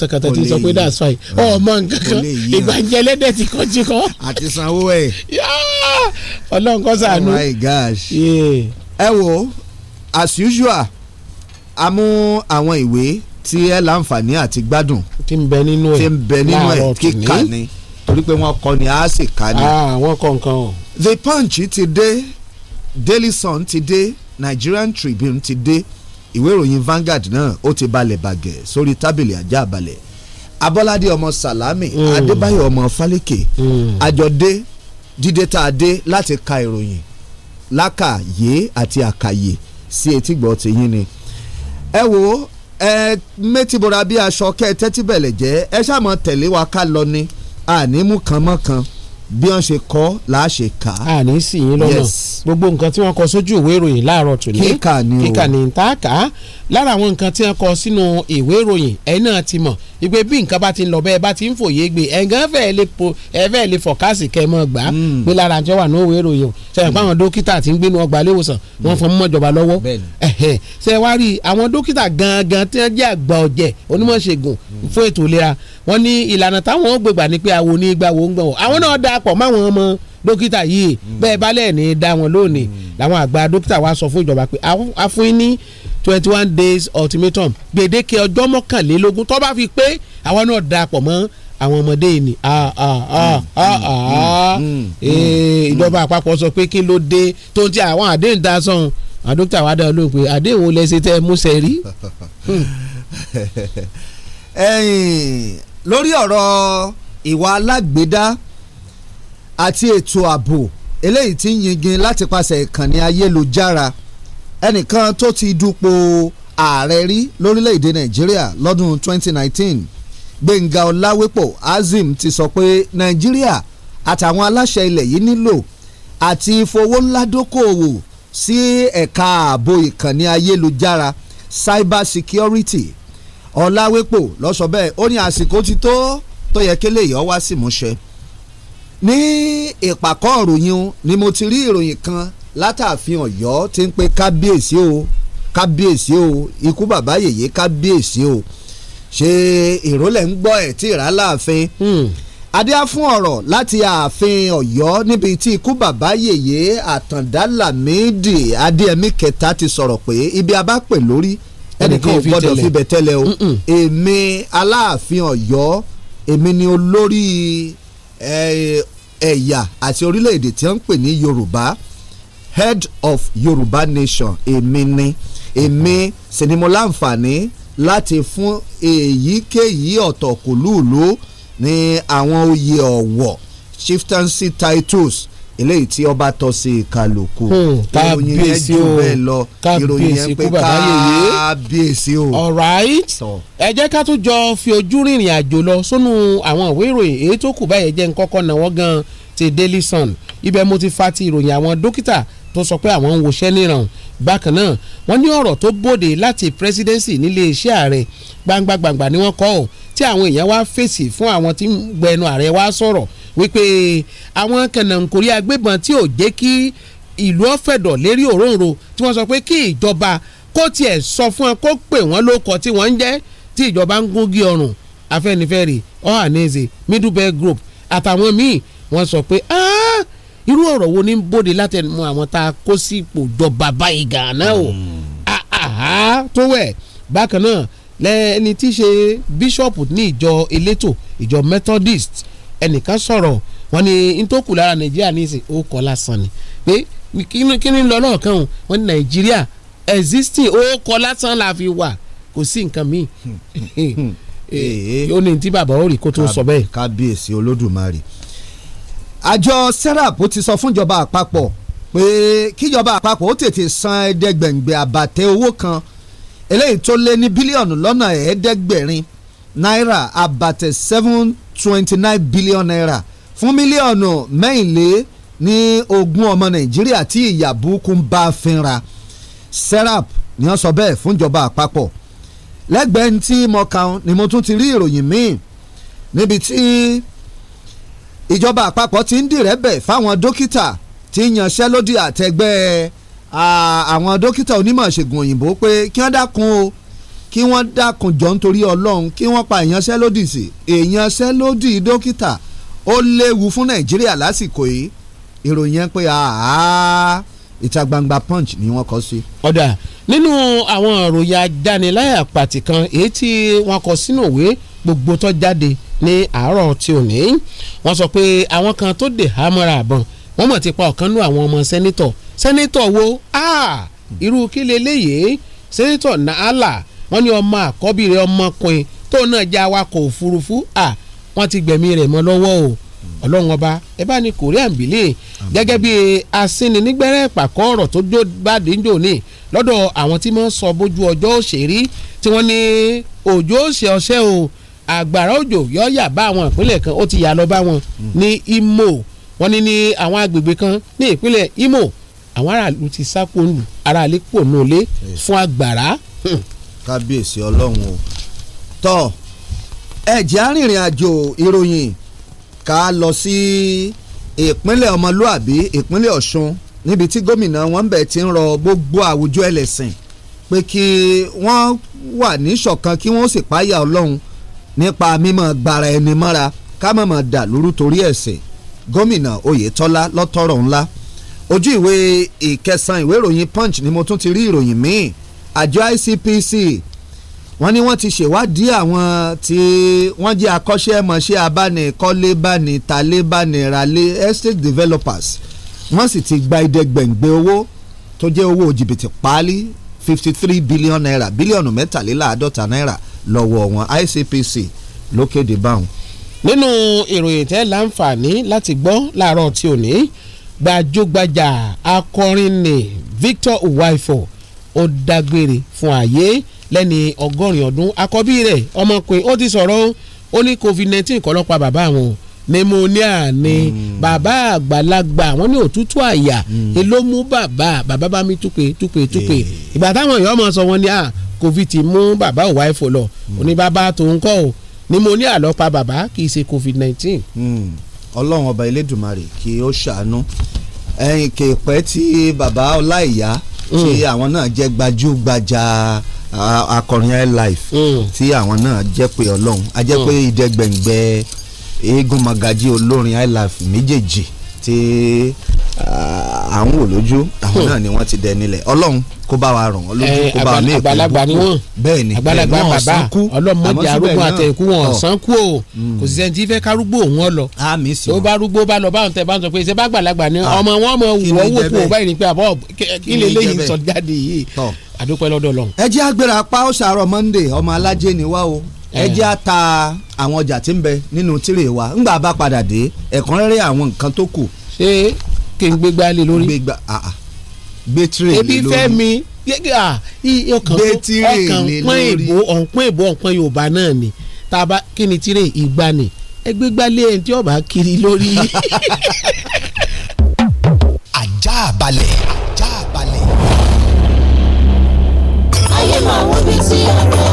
sọ pé that's fine ọmọ nkankan ìgbàjẹ ẹlẹ́dẹ̀ ti kọjú kọ́. àti sanwó ẹ̀. ọlọ́run kọ́ sànú. oh my gosh. ẹ wo as usual a mú àwọn ìwé tí ẹ láǹfààní àti gbádùn. tí ń bẹ nínú ẹ tí ń bẹ nínú ẹ kíkà ni torí pé wọ́n kọ ni a sì ka ni. àwọn ah, kọ̀ọ̀kan o. The Punch ti dé Daily Sun ti dé Nigerian Tribune ti dé ìwé ìròyìn Vanguard náà ó ti balẹ̀ bàgẹ̀ sórí tábìlì ajá balẹ̀ Abọ́ládé ọmọ Sàlámì hmm. Adébáyọ̀ ọmọ Fálékè hmm. àjọdé dídé tá a dé láti ka ìròyìn lákàyé àti àkàyè sí etígbọ̀ tìyín ni ẹ wo ẹ mẹ́tìbọ̀ra bí aṣọ kẹ́ ẹ tẹ́tí bẹ̀lẹ̀ ẹ ṣàmọ̀ tẹ̀lé wa ká lọ ni ànímú kan mọ́ kan bí wọ́n ṣe kọ́ là ṣe kà á. àní sì yín lọ́nà gbogbo nǹkan tí wọ́n kọ sójú ìwé ìròyìn láàárọ̀ tòní kíkà ni o kíkà ni ń ta kà á lára àwọn nǹkan tí wọ́n kọ sínú ìwé ìròyìn ẹ̀yin náà ti mọ̀ ìgbé bí nǹkan bá ti lọ bẹ́ẹ̀ bá ti ń fòye gbé ẹ̀ǹgán fẹ́ẹ́ lè po ẹ̀fẹ́ lè fọ̀kásì kẹ́ mọ́ gbà hmm. pé lára àjọ wà níwèé ìròyìn o sẹ́yìn fáwọn hmm. dókítà ti ń gbénu ọgbà léwòsàn hmm. wọ́n fọ́n mọ́jọba lọ́wọ́ ṣe wá rí àwọn dókítà gangan tí wọ́n jẹ́ àgbà ọ̀jẹ̀ onímọ̀ṣègùn fún ètò ìlera wọ́n ní ìlànà táwọn ó gbégbà ni pé àwọn onígbà wo ń gbọ̀n wọ́n àwọn náà dà pọ̀ máwọn ọmọ dókítà yìí bẹ́ẹ̀ balẹ̀ ní dá wọn lónìí làwọn àgbà dókítà wa sọ fún ìjọba pé àfún ní twenty one days ultimatum gbèdéke ọjọ́ mọ́kànlélógún tó bá fi pé àwọn náà darapọ̀ mọ́ àwọn ọmọdé yìí ni ìjọba àpapọ̀ sọ pé kí ló dé tó ti àwọn àdéhùn dá sọ̀hún àwọn dókítà wa dá lóhùn pé àdéhùn olè ṣe tẹ́ ẹ mú ṣe rí. lórí ọ̀rọ̀ ìwà alágbèédá àti ètò ààbò eléyìí tí ń yingin láti pàṣẹ ìkànnì ayélujára ẹnìkan tó ti dupò ààrẹ rí lórílẹ̀‐èdè nàìjíríà lọ́dún 2019 gbẹ̀ngà ọláwépọ̀ azim ti sọ pé nàìjíríà àtàwọn aláṣẹ ilẹ̀ yìí nílò àti fowó ńlá dókòwò sí ẹ̀ka ààbò ìkànnì ayélujára cyber security ọláwépọ̀ ló sọ bẹ́ẹ̀ ó ní àsìkò ti tó tó yẹ kéléyìí ó wá sí ìmúṣẹ ní ìpàkọ́ ìròyìn o ni mo ti rí ìròyìn kan látàfin Ọ̀yọ́ tí ń pe kábíyèsí o kábíyèsí o ikú bàbá yèyé kábíyèsí o ṣe ìrólẹ̀ ń gbọ́ ẹ̀ tí ìrà láàfin hmm. adé á fún ọ̀rọ̀ láti ààfin Ọ̀yọ́ níbi tí ikú bàbá yèyé àtàndá adéẹmí kẹta ti sọ̀rọ̀ pé ibi a bá pè lórí ẹnìkan ò gbọ́dọ̀ fi bẹ̀ tẹ́lẹ̀ o èmi aláàfin Ọ̀yọ́ èmi ni olórí Eh, ẹ̀yà àti orílẹ̀-èdè tí wọ́n ń pè ní Yorùbá head of Yorùbá nation èmi ni èmi sì ni mo láǹfààní láti fún èyíkéyìí ọ̀tọ̀kùlùlù ní àwọn oyè ọ̀wọ̀ chieftaincy titles eléyìí tí ọba tọ́ sí kálukú hmm, ìròyìn yẹn jù bẹ́ẹ̀ lọ ìròyìn yẹn pé kábíyèsí o. alright ẹ jẹ́ ká tún jọ fi ojú rìnrìn àjò lọ sónú àwọn ìwé ìròyìn èyí tó kù báyẹn jẹ́ nkọ́kọ́ náà wọ́n gan ti Daily Sun ibẹ̀ mo ti fa ti ìròyìn àwọn dókítà tó sọ pé àwọn ń woṣẹ́ níran bákan náà wọ́n ní ọ̀rọ̀ tó bòde láti presidency nílé iṣẹ́ ààrẹ gbangbangba ni wọ́n kọ́ ọ́ tí àwọn èèyàn wá fèsì fún àwọn tí ń gbẹnu ààrẹ wá sọ̀rọ̀ wípé àwọn kànáńkórí agbébọn tí ò jẹ́ kí ìlú ọ̀fẹ́dọ̀ lérí òróǹro tí wọ́n sọ pé kí ìjọba kó tiẹ̀ sọ fún wọn kó pè wọ́n lóko tí wọ́n ń jẹ́ tí ìjọba ń gúngi ọrùn Afẹ́nifẹ́re Ohanaeze Middleburg Group àtàwọn míì wọ́n sọ pé irú ọ̀rọ̀ wo ni ń bòde látẹnu àwọn tá a kó sí ipò jọba báyìí gàánà o hmm. ah, ah, ah, tó wẹ̀ bákan náà lẹ́ni tí í ṣe bíṣọ̀pù ní ìjọ elétò ìjọ methodist ẹnìkan sọ̀rọ̀ wọn ni ntókù lára nàìjíríà ní ìsìn ó kọ́ lásán ni pé kí ni lọ náà kàn wọn ní nàìjíríà existing ó kọ́ lásán la fi wà kò sí nǹkan míì hmm. eh, eh, eh. ó ní tí bàbá ó rí kó tó sọ bẹ́ẹ̀. kábíyèsí olódùmarè àjọ serap ó ti sọ fúnjọba àpapọ̀ pé kíjọba àpapọ̀ ó tètè san ẹ̀ẹ́dẹ́gbẹ̀ngbẹ̀ àbàtẹ owó kan eléyìí tó lé ní bílíọ̀nù lọ́nà ẹ̀ẹ́dẹ́gbẹ̀rin náírà àbàtẹ̀ seven twenty nine billion naira fún mílíọ̀nù mẹ́ìnlé ní ogún ọmọ nàìjíríà tí ìyà burúkú ń bá fínra serap ni wọ́n sọ bẹ́ẹ̀ fúnjọba àpapọ̀ lẹ́gbẹ̀ẹ́ tí mo kàn ni mo tún ti rí ìròyìn míì níbi tí ìjọba àpapọ̀ ti ń dìrẹ́bẹ̀ fáwọn dókítà tí yanṣẹ́lódì àtẹgbẹ́ ẹ̀ àwọn dókítà onímọ̀ ṣègùn òyìnbó pé kí wọ́n dákun o kí wọ́n dákun jọ nítorí ọlọ́run kí wọ́n pa ìyanṣẹ́lódì sí ìyanṣẹ́lódì dókítà ó léwu fún nàìjíríà lásìkò yìí ìròyìn yẹn pé àá ìta gbangba punch ni wọ́n kọ sí. ọ̀dà nínú àwọn ìròyìn ajániláyà pàtì kan èyí tí wọ́n kọ sínú òwe gbogbo tó jáde ní àárọ̀ tí ò ní wọ́n sọ pé àwọn kan tó dè hámọ́ra àbọ̀n wọ́n mọ̀ ti pa ọ̀kan nú àwọn ọmọ sẹ́nitọ̀ sẹ́nitọ̀ wo irú kí leléyìí sẹ́nitọ̀ nàálà wọ́n ní ọmọ àkọ́bí rẹ̀ ọmọkùnrin tóun náà jẹ́ awakọ̀ òfurufú wọ́n ti gbẹ̀mí rẹ̀ mọ́ lọ́wọ́ o ọlọ́run ọba ẹ bá ní korean bílẹ̀ gẹ́gẹ́ bí asíninígbẹ́rẹ́ pàkọ́ ọ̀rọ̀ tó jó bàdé jò ní lọ́dọ̀ àwọn tí wọ́n sọ bójú ọjọ́ òṣèré tí wọ́n ní òjò òṣè ọ̀ṣẹ́ o àgbàrá òjò yọ̀ọ̀yà bá àwọn ìpínlẹ̀ kan ó ti yà lọ bá wọn hmm. ní Imo wọ́n ní ní àwọn agbègbè kan ní ìpínlẹ̀ Imo àwọn aráàlú ti sápò lù aráàlú pò nù lé fún agbára. Hmm. kábíyèsí ọlọ́run o tọ́ ẹ̀jẹ̀ arìnrìn àjò ìròyìn ká lọ sí ìpínlẹ̀ ọmọlúàbí ìpínlẹ̀ ọ̀ṣun níbi tí gómìnà wọn bẹ̀ ti ń rọ gbogbo àwùjọ ẹlẹ́sìn pé kí wọ́n wà ní ṣọ̀kan kí wọ́n sì páyà ọlọ́run nípa mímọ́ gbara ẹni mọ́ra ká má dà lóru torí ẹ̀sìn gómìnà oyetola lọ́tọ̀rọ̀ ńlá ojú ìwé ìkẹsàn ìwé ìròyìn punch ni mo tún ti rí ìròyìn míì àjọ ICPC wọ́n ní wọ́n ti ṣèwádìí àwọn tí wọ́n jẹ́ akọ́ṣẹ́mọṣẹ́ abánikọ́lébánitalébániralé estate developers wọ́n sì ti gba ìdẹ́gbẹ̀ǹgbẹ̀ owó tó jẹ́ owó jìbìtì páálí fifty three billion naira bílíọ̀nù mẹ́tàléláàádọ́ta naira lọ́wọ́ wọn ICPC ló kéde báwọn. nínú ìròyìn tẹ́ láǹfààní láti gbọ́ láàárọ̀ tí ò ní gbajúgbajà akọrin ni Victor Uwaifo ó dágbére fún ààyè lẹ́ni ọgọ́rin ọdún àkọ́bí rẹ̀ ọmọkùnrin ó ti sọ̀rọ̀ ó ní COVID-19 kọ́ ló pa bàbá àwọn pneumonia ni hmm. bàbá àgbàlagbà wọn ní òtútù àyà hmm. ló mú bàbá bàbá bá mi túpe túpe túpe ìgbà táwọn èèyàn mọ sọ wọn ni covid ti mú bàbá òwá ẹ̀fọ́ lọ oní tó ń kọ́ ò pneumonia ló pa bàbá kì í ṣe covid nineteen. Mm ọlọ́run ọba elédùnmarè kí ó ṣàánú ẹ̀yìn kèèpẹ́ tí bàbá ọláìyá mm. tí àwọn náà jẹ́ gbajúgbajà akọrin life mm. tí àwọn náà jẹ́ pé ọlọ́run a jẹ́ mm. pé ìdẹ́gbẹ̀ngbẹ́ eégún magají olórin life méjèèjì tí à ń wò lójú àwọn náà ni wọ́n ti dẹ nílẹ̀ ọlọ́run kó bá wa ràn wọ́n lójú eh, kó bá wa ní èkó àgbàlagbà ni wọ́n bẹ́ẹ̀ ni àgbàlagbà bàbá ọlọ́mọdé arúgbó àtẹ̀kú wọn ọ̀sán kú o mm. kò sí ẹni tí fẹ́ kárúgbó òun ọ lọ tó bá rúgbó bá lọ báwọn tẹ bá ń sọ pé ṣe bá àgbàlagbà ni ah. ọmọ wọn mọ wọ́ wò kú o báyìí ni pé àbọ̀ kí lè léyìn sọ jáde yìí àdúpẹ́ lọ́dọ̀ Ọlọ́run. ẹ jẹ́ àgbèrè apá ó ṣàárọ̀ Monday ọmọ alájẹ ni wá o ẹ eh. jẹ́ á àwọn ọjà tí ń bẹ nínú tírè wa ńgbà bá padà dé ẹ̀kúnrẹ́rẹ́ àwọn nǹkan tó kù. ṣé kí n gbégbá lé lórí. gbégbá gbé ah, ah. tire lé lórí. ebi fẹ́ mi ah, ọkàn pọ́n èbó ọ̀npọ́n èbó ọ̀npọ́n yorùbá náà ni tàbá kí ni tire ìgbà ni ẹ gbégbá lé ẹni tí ọba kiri lórí. ajá balẹ̀ ajá ayé máa wọ́n bí tí ọ̀rọ̀.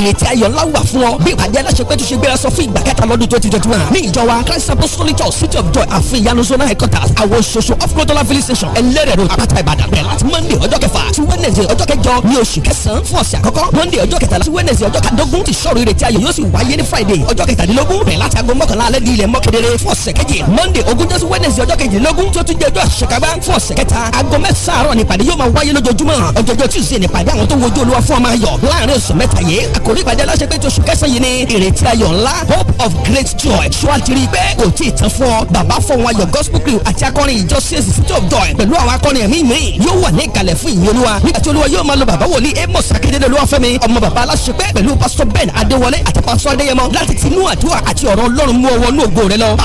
ìrètí ayọ̀ ńlá wà fún ọ bí ìpàdé aláṣepẹ́ gbéra sọ fún ìgbà kẹta lọ́dún twenty twenty one ní ìjọ wa Christ Apostolic Church City of Joy àfin ìyanu zona headquarters àwọn ṣoṣo off rotola filling station ẹlẹ́rẹ̀ road àpáta Ìbàdàn bẹ̀rẹ̀ láti Monday ọjọ́ kẹfà sí Wednesday ọjọ́ kẹjọ ní oṣù kẹsàn-án fún ọ̀sẹ̀ àkọ́kọ́ Monday ọjọ́ kẹtàlá sí Wednesday ọjọ́ kàdógún ti ṣọ́ọ̀rù ìrètí ayọ̀ yóò sì wáyé ní Friday ọjọ́ kẹtàdínlógún bẹ̀rẹ̀ láti aago mọ́kànlá alẹ́ di ilẹ̀ mọ́kedere fún ọ̀sẹ̀ kejì Monday ogúnjọ́ sí Wednesday ọjọ́ kejìlélógún tó tún jẹ́ ọjọ́ àṣekágbá fún ọ̀sẹ̀ kẹta aago mẹ́sàn-án àárọ̀ nípàdé yóò máa wáyé lójoojúmọ́ ọjọ́jọ́ Tuesday nípàdé àwọn tó wojú Olúwa fún ọmọ ayọ̀ láàrin ọ̀sẹ̀ mẹ́ta yìí ak àkórí ìpàdé aláṣẹpẹ́ tó oṣù kẹsàn yìí ni ìrètí ayọ̀ ńlá hope of great joy ṣọ́àtìrí pé kò tí ì tán fún ọ bàbá fọwọn ayọ̀ gospel crew àti akọrin ìjọ csc city of joy pẹ̀lú àwọn akọrin ẹ̀mí mi yóò wà ní ìkàlẹ̀ fún ìyìn olúwa nígbà tí olúwa yóò máa lo bàbá wòlíì amos akíndélé olúwafẹ́mi ọmọ bàbá aláṣẹpẹ́ pẹ̀lú pastor ben adéwọlé àti pastor adéyẹmọ láti ti mú àdúrà àti ọ̀rọ̀ ọlọ́run mú ọwọ́ ní ògo rẹ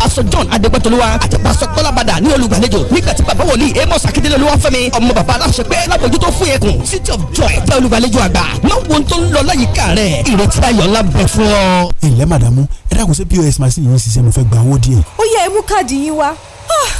pastor john adégbẹ́tolúwa àti pastor kọ́lábàdà ní olùgbàlejò nígbà tí bàbá wòlíì amos akíndélé olúwafẹ́mi ọmọ bàbá aláṣẹpẹ́ lábòjútó city of joy tẹ olùgbàlejò àgbà gbogbo ohun tó ń lọ láyìíká rẹ̀ ìrètí ayọ̀ ńlá bẹ fún ọ. ilẹ̀ màdàmú ẹ dákun sí pos machine yìí ń ṣiṣẹ́ mo fẹ́ gba owó díẹ̀. ó yẹ ẹ mú káàdì yín wá ah,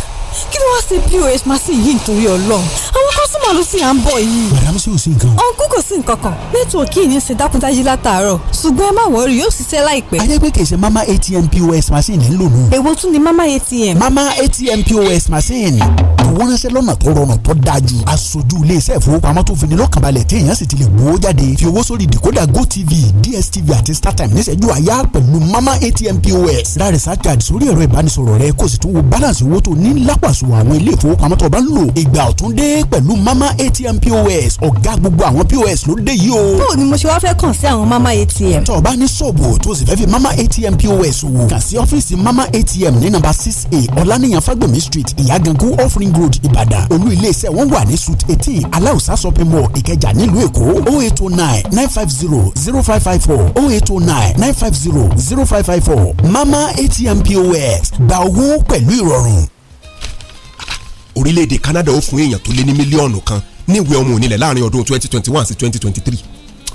kí ló wá sí pos machine yìí nítorí Ọlọ́run àwọn kọ́sùmọ̀ ló sì à ń bọ̀ yìí. màdàmú sì ò sí nǹkan. ọ̀nkú kò sí nǹkan kan nẹ́tíwọ̀kì yìí ń ṣe dákúndájí látàárọ̀ ṣùgbọ́n ẹ má wọrí yóò ṣiṣẹ́ láìpẹ́. ajẹ́ ṣe mama atm pos machine ń lò nù. èwo tún ni mama atm. mama atm pos machine fowó ránṣẹ́ lọ́nà tó rọrùn tó dájú aṣojú iléeṣẹ́ ìfowópamọ́ tó fini lọ́kànbalẹ̀ tí èèyàn sì ti lè gbowó jáde fi owó sórí decoder gotv dstv àti startime níṣẹ́jú àyà pẹ̀lú mama atm pos ra research card sórí ẹ̀rọ ìbánisọ̀rọ̀ rẹ kó sì tún wo balance owó tó ní lápàṣọ àwọn ilé ìfowópamọ́ tó bá ń lò ìgbà ọ̀tún dé pẹ̀lú mama atm pos ọ̀gá gbogbo àwọn pos ló dé yìí o. bó ni mo ṣe wá fẹ́ kàn sí àwọn mama atm. tó o bá ní ṣọ́ọ̀bù tó o sì fẹ́ atm pos wò kàn sí ọ́fíìsì mama atm ní nàmbà six a ọ̀lànìyàn fagbemi street ìyàgànkù offering ring road ìbàdàn olú iléeṣẹ́ wọn wà ní suit eighteen aláùsá shopping mall ìkẹjà nílùú èkó oh eight oh nine nine five zero zero five five four O oh eight oh nine nine five zero zero five five four mama atm pos gba owó pẹ̀lú ìrọ̀rùn. orílẹ̀-èdè canada ó fún èèyàn tó lé ní mílíọ̀nù kan ní ìwé ọmọ onílẹ̀ láàrin ọdún twenty twenty one sí twenty twenty three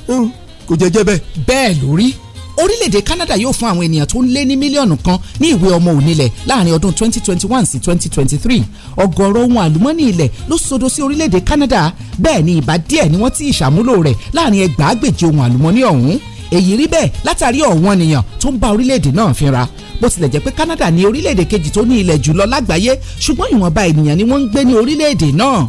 hmm, kò jẹ́jẹ́ bẹ́ẹ̀. bẹ́ẹ̀ lórí orílẹ̀-èdè Canada yóò fún àwọn ènìyàn tó ń lé ní mílíọ̀nù kan ní ìwé ọmọ onílẹ̀ láàrin ọdún 2021 sí 2023 ọ̀gọ̀ọ̀rọ̀ ohun àlùmọ́nì ilẹ̀ ló sodo sí orílẹ̀-èdè Canada bẹ́ẹ̀ ni ìbá díẹ̀ ni wọ́n ti ìṣàmúlò rẹ̀ láàrin ẹgbàágbèje ohun àlùmọ́nì ọ̀hún èyí rí bẹ́ẹ̀ látàrí ọ̀wọ́n ènìyàn tó ń bá orílẹ̀-èdè náà fínra bó tilẹ̀ jẹ́ pé Canada ni orílẹ̀-èdè kejì tó ní ilẹ̀ jùlọ lágbàáyé ṣùgbọ́n ìwọ̀nba ènìyàn ni wọ́n ń gbé ní orílẹ̀-èdè náà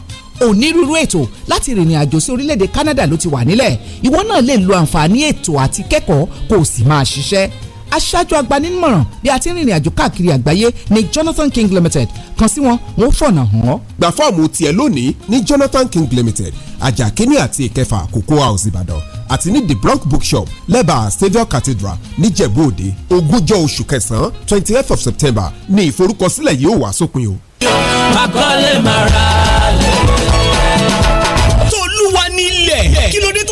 onírúurú ètò láti rìnrìn àjò sí orílẹ̀-èdè Canada ló ti wà nílẹ̀ ìwọ náà lè lo àǹfààní ètò àti kẹ́kọ̀ọ́ kó o sì máa ṣiṣẹ́ aṣáájú agbanímọ̀ràn bí a ti ń rìnrìn àjò káàkiri àgbáyé ní Jonathan King Limited kan sí wọn wọn fọ̀nà hàn án. gba fọ́ọ̀mù tiẹ̀ lónìí ní Jonathan King Limited ajakini àti ìkẹfà Cocoa House Ìbàdàn àti ní the bronc bookshop lẹ́bàá Saviour Cathedral níjẹ̀bú-òde ogúnjọ́ oṣù kẹsàn-án twenty eight of September ní ìforúkọsílẹ̀ yìí ó wà sópin o. akọ́lé màrà lẹ́yìn.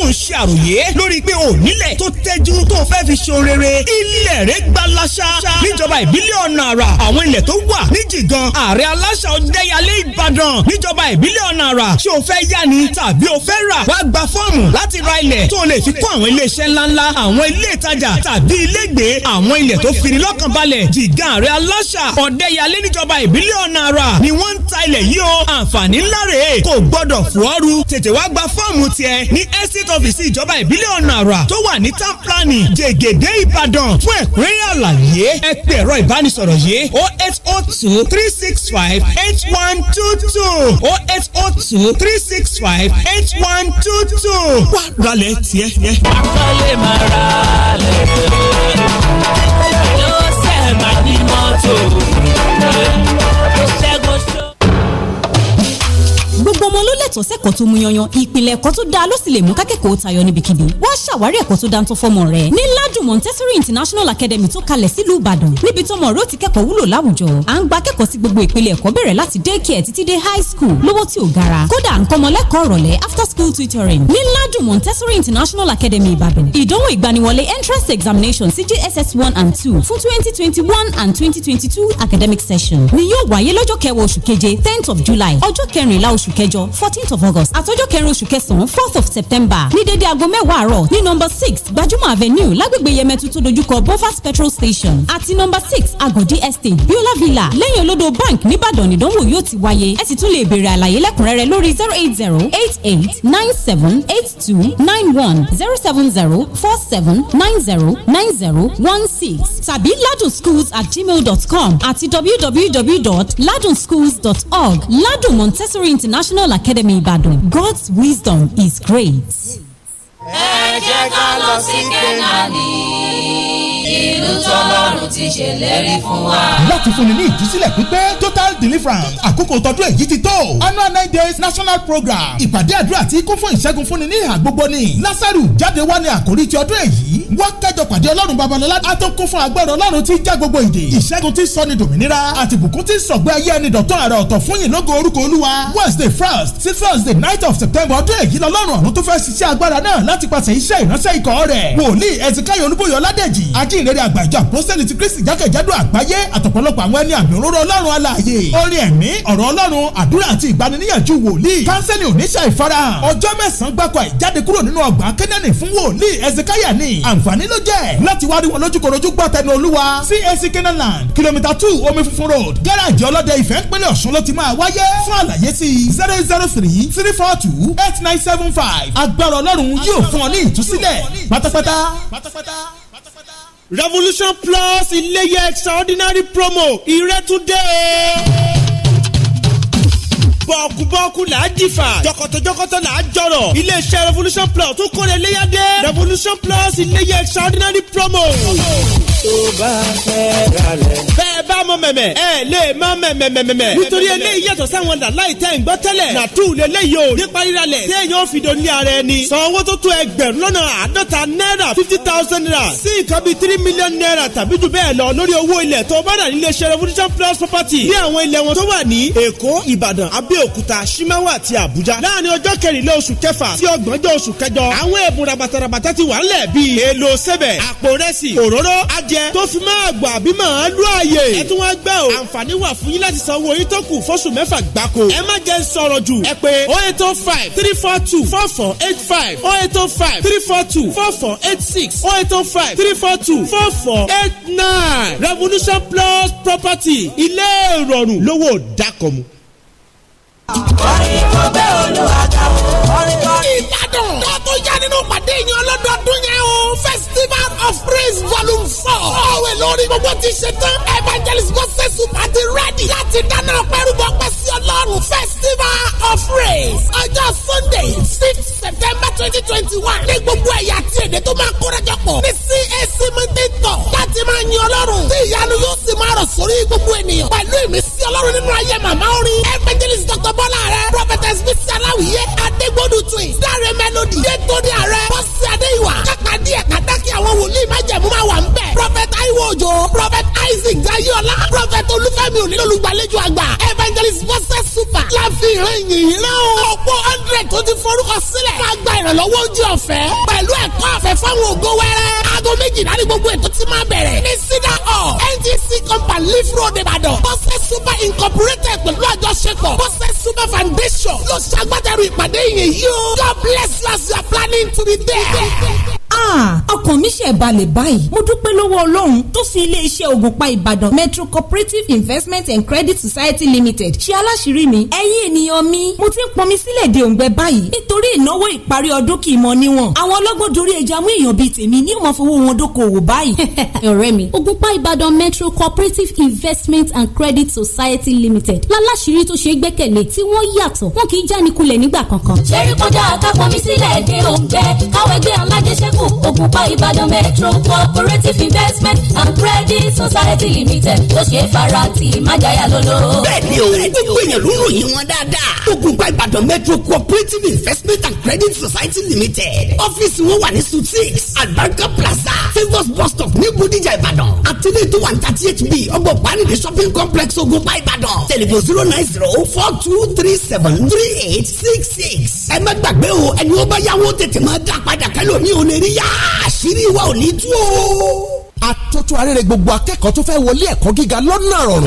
ń ṣe àròyé lórí pé o nílẹ̀ tó tẹ́jú tó fẹ́ fi ṣe rere ilé ẹ̀rẹ́ gba láṣá níjọba ìbílẹ̀ ọ̀nà àrà àwọn ilẹ̀ tó wà ní jìgan ààrẹ aláṣà ọ̀dẹ́yàlé ìbàdàn níjọba ìbílẹ̀ ọ̀nà àrà ṣé o fẹ́ yá ni tàbí o fẹ́ rà wá gba fọ́ọ̀mù láti ra ilẹ̀ tó lè fi kọ́ àwọn iléeṣẹ́ ńláńlá àwọn ilé ìtajà tàbí ilégbèé àwọn ilẹ̀ tó fini lọ́kàn balẹ̀ jìgan ààrẹ aláṣà ọ̀dẹ́yàlé níjọba ìbílẹ̀ ọ̀nà àrà ni wọ́n ń ta ilẹ̀ yìí o àǹfààní ńlá rèé kò gbọ́dọ̀ fọ́ọ̀rù tètè wá gba fọ́ọ̀mù tiẹ̀ ní ẹ́sítọ́ ọ́fíìsì ìjọba ìbílẹ̀ ọ̀nà àrà tó wà ní town planning jẹ̀gẹ̀dẹ̀ ìbàdàn fún ẹ̀kúnrẹ́rẹ́ àlàyé ẹ pè ẹ̀rọ ìbánisọ̀rọ̀ yìí o oh eight o oh two three six five eight one two two o oh eight o two three six five eight one two two wà rálẹ̀ tiẹ̀ tiẹ̀. àkọlé máa ra lẹ̀ lọ́sẹ̀ máa ní mọ́tò. gbogbo ọmọ ló lẹ́tọ̀ọ́ sẹ́kọ̀ọ́ tó mú yanyan ìpìlẹ̀ ẹ̀kọ́ tó dáa ló sì lè mú kákẹ́kọ̀ọ́ tayọ níbikíbi wá ṣàwárí ẹ̀kọ́ tó dáńtọ́ fọ́mọ rẹ ní ládùn montessori international academy tó kalẹ̀ sílùú ìbàdàn níbi tọ́mọ rẹ ó ti kẹ́kọ̀ọ́ wúlò láwùjọ à ń gba akẹ́kọ̀ọ́ sí gbogbo ìpìlẹ̀ ẹ̀kọ́ bẹ̀rẹ̀ láti daycare títí dé high school lówó tí ò gara kódà à after school tutoring ní ládùn montessori international academy ìbàdàn ìdánwò ìgbaniwọlé entrance examination sí one and two fún twenty and twenty academic session ni yóò wáyé lọ́jọ́ kẹwàá tenth of july ọjọ́ kẹrìnlá oṣù kẹjọ fourteenth of august àtọjọ́ kẹrin oṣù kẹsàn fourth of september ní dédé aago mẹ́wàá àárọ̀ ní number six gbajúmọ̀ avenue lágbègbè yẹmẹtu tó dojúkọ bovas petrol station àti number six agodi estate biola villa lẹ́yìn olódò bank nìbàdàn ìdánwò yóò ti wáyé ẹ sì tún lè béèrè àlàyé lẹ́kùnrẹ́rẹ́ lórí zero eight zero eight eight nine seven eight two nine one zero seven zero four seven nine zero nine zero one six tàbí ladunschools at gmail dot com àti www dot ladunschools dot org ladun montessori international National Academy Ibadan. God's wisdom is great. ẹ jẹ́ ká lọ sí kẹ́nàní ìlú tọ́lọ́run ti ṣèlérí fún wa. láti fúnni ní ìjísílẹ̀ pípé total deliverance àkókò tọdún èyí ti tó annual nine days national program ìpàdé àdúrà tí kún fún ìṣẹ́gun fúnni ní ìhà gbogbo ni lásàrù jáde wá ní àkórí ti ọdún èyí wọ́n kẹjọ pàdé ọlọ́run babalọ́lá a tó kún fún agbára ọlọ́run tí já gbogbo ìdè ìṣẹ́gun tí sọ ni dòmìnira àti ìbùkún tí sọ̀gbẹ́ ayé ẹni dọ̀tún àrà ọ̀tọ̀ fún yìí lógo orúkọ olúwa wednesday first sí thursday night of september ọdún èyí lọ́lọ́run ọ̀run tó fẹ́ ṣiṣẹ́ agbára náà láti pàṣẹ iṣẹ́ ìránṣẹ́ ikọ̀ rẹ̀ wòlíì ẹ̀sìnkáyọ̀ olúbóyọ̀ ládẹ́jì ajínrere àgbà ìjọ ti kristi jákèjádò àgbáyé àtọ̀pọ̀lọpọ̀ àwọn ẹni àmì òróró ọlọ́run alààyè orin ẹ̀mí ọ̀rọ̀ ọlọ́run àdúrà àti ìgbaniníyànjú wòlíì kánsẹ́lì oníṣẹ́ ìfarahàn ọjọ́ mẹ́sàn-án gbáko ìjáde zero zero three three four two eight nine seven five ọlọ́run yóò fún ọ ní ìtúsílẹ̀ pátápátá. revolution plus iléyẹ extraordinary promo ìrẹ́túndé bọ́ọ̀kú-bọ́ọ̀kú là á jìfà jọkọ̀tọ̀jọkọ̀tọ̀ là á jọ̀rọ̀ iléeṣẹ́ revolution plus tún kọ́ni eléyàdé revolution plus iléyẹ extraordinary promo. Oh, oh tó bá fẹ́ ralẹ̀. bẹ́ẹ̀ bá mọ mẹ̀mẹ̀ ẹ lè má mẹ̀mẹ̀ mẹ̀mẹ̀. nítorí eléyìí yàtọ̀ sáwọn làláì tẹ́ ń gbọ́ tẹ́lẹ̀ nàtú lélẹ́yìí o nípa ríralẹ̀ tí èèyàn fi dòní ara ẹni. san owó tó tó ẹgbẹ̀rún lọ́nà àádọ́ta náírà fifty thousand naira sí nǹkan bíi three million naira tàbí jù bẹ́ẹ̀ lọ lórí owó ilẹ̀ tó bá dà nílé ṣe revolution plus property ní àwọn ilẹ̀ wọn tó wà ní èkó ìbàdàn abẹ́òkúta ṣímáwá àti àbújá láàrin ọjọ́ kẹrìnlá oṣù kẹfà sí ọgbọ̀njọ́ oṣù kẹjọ àwọn ẹ̀bùn rabatarabata ti wà ńlẹ̀ bíi èlò sẹ́bẹ̀ àpò rẹ́sì òróró jẹ tó fi máa gbà bí màá lú àyè. ẹ tún wá gbẹ́ o àǹfààní wà fún yín láti san owó yín tó kù fọ́sù mẹ́fà gbáko. ẹ má jẹ́ sọ̀rọ̀ jù ẹ pé oh eight oh five three four two four four eight five oh eight oh five three four two four four eight six oh eight oh five three four two four four eight nine revolution plus property ilé ìrọ̀rùn lówó dákọ̀mù. kọrin kó bẹ́ẹ̀ olú ìbàdàn tó tó yá nínú pàdé ìyẹn ọlọ́dọọdún yẹn festival of praise volume four. ọ̀wẹ̀ lórí gbogbo ti ṣe tán evangelist moses supati ready láti dáná ọ̀pẹ́rù bọ́pẹ́ sí ìrẹsì ọlọ́run festival of praise ọjọ́ sunday six september twenty twenty one ní gbogbo ẹ̀yà àti èdè tó máa kórajọ pọ̀ ní cac mọ́tẹ́tọ̀ láti máa yin ọlọ́run tí ìyanu yóò sì máa rọ̀ sórí gbogbo ènìyàn pẹ̀lú ìmísí ọlọ́run nínú ayé màmá orin evangelist dr bọ́lá rẹ prophetess bisi aláwìyé adégbòdù twin dáre melody détòdì ààrẹ bọ́sì adéyíwá kápádì ẹ̀ kàdákì àwọn wòlíì májẹ̀mú máa wà ń bẹ̀ prophet aiwo òjò prophet isaac dayọ̀lá prophet olúfẹ́mi onílòlùgbàlejò àgbà evangelist bọ́ gospel super la fi ìrẹ́yìn yìí rẹ́ o. ọ̀pọ̀ hundred tó ti forúkọ sílẹ̀. ká gba ìrànlọ́wọ́ ojú ọ̀fẹ́. pẹ̀lú ẹ̀kọ́ ọ̀fẹ́ fáwọn ògo wẹ́rẹ́. aago méjìlá ni gbogbo ètò ti máa bẹ̀rẹ̀. ní cedar hall NDC company leaf road ìbàdàn. gospel super incorporated pẹ̀lú àjọṣepọ̀. gospel super foundation ló ṣàgbátẹrù ìpàdé yìí yìí o. God bless you as you are planning to be there ọkàn mi ṣe balẹ̀ báyìí mo dúpẹ́ lọ́wọ́ ọlọ́run tó fi iléeṣẹ́ ògùnpá ìbàdàn metro cooperative investment and credit society limited ṣe aláṣírí mi ẹ̀yin ènìyàn mi mo ti ń pọnmi sílẹ̀ de òǹgbẹ báyìí nítorí ìnáwó ìparí ọdún kì í mọ níwọ̀n àwọn ọlọ́gbọ́n dorí ẹja mú èèyàn bíi tèmi ní ìmọ̀ fowó wọn dókòwò báyìí. ọ̀rẹ́ mi ògùnpá ìbàdàn metro cooperative investment and credit society limited láláṣírí tó ṣe é gbẹ́kẹ̀lé tí wọ́n yàtọ̀ wọn kì í jánikulẹ̀ nígbà kankan. ṣé rí kọjá àkàpọ̀ mi sílẹ̀ de òǹgbẹ káwé gbé alájẹsẹ́kù ògùnpá ìbàdàn metro cooperative investment and credit society limited tó ṣe é fara ti májàyà lọ́lọ́. bẹ́ẹ̀ni o gbogbo èèyàn ló ròyìn wọn dáadáa ògùnpá ìbàdàn metro cooperative investment and credit society limited ọ́fíìsì wọn wà ní suite six albarka plaza favours bus stop ní bódìjà ìbàdàn àtẹlẹ tó two one thirty eight b ọgbọ panidi shopping complex ògùnpá ìbàdàn tẹlifon zero nine zero four two three seven three eight six six ẹ má gbàgbé o ẹni ó bá yáwó tètè máa dá padà kẹ́lò ní òní rí yá àṣírí wa ò ní tú o atótó arére gbogbo akẹ́kọ̀ọ́ tó fẹ́ wọlé ẹ̀kọ́ gíga lọ́nà rọrùn.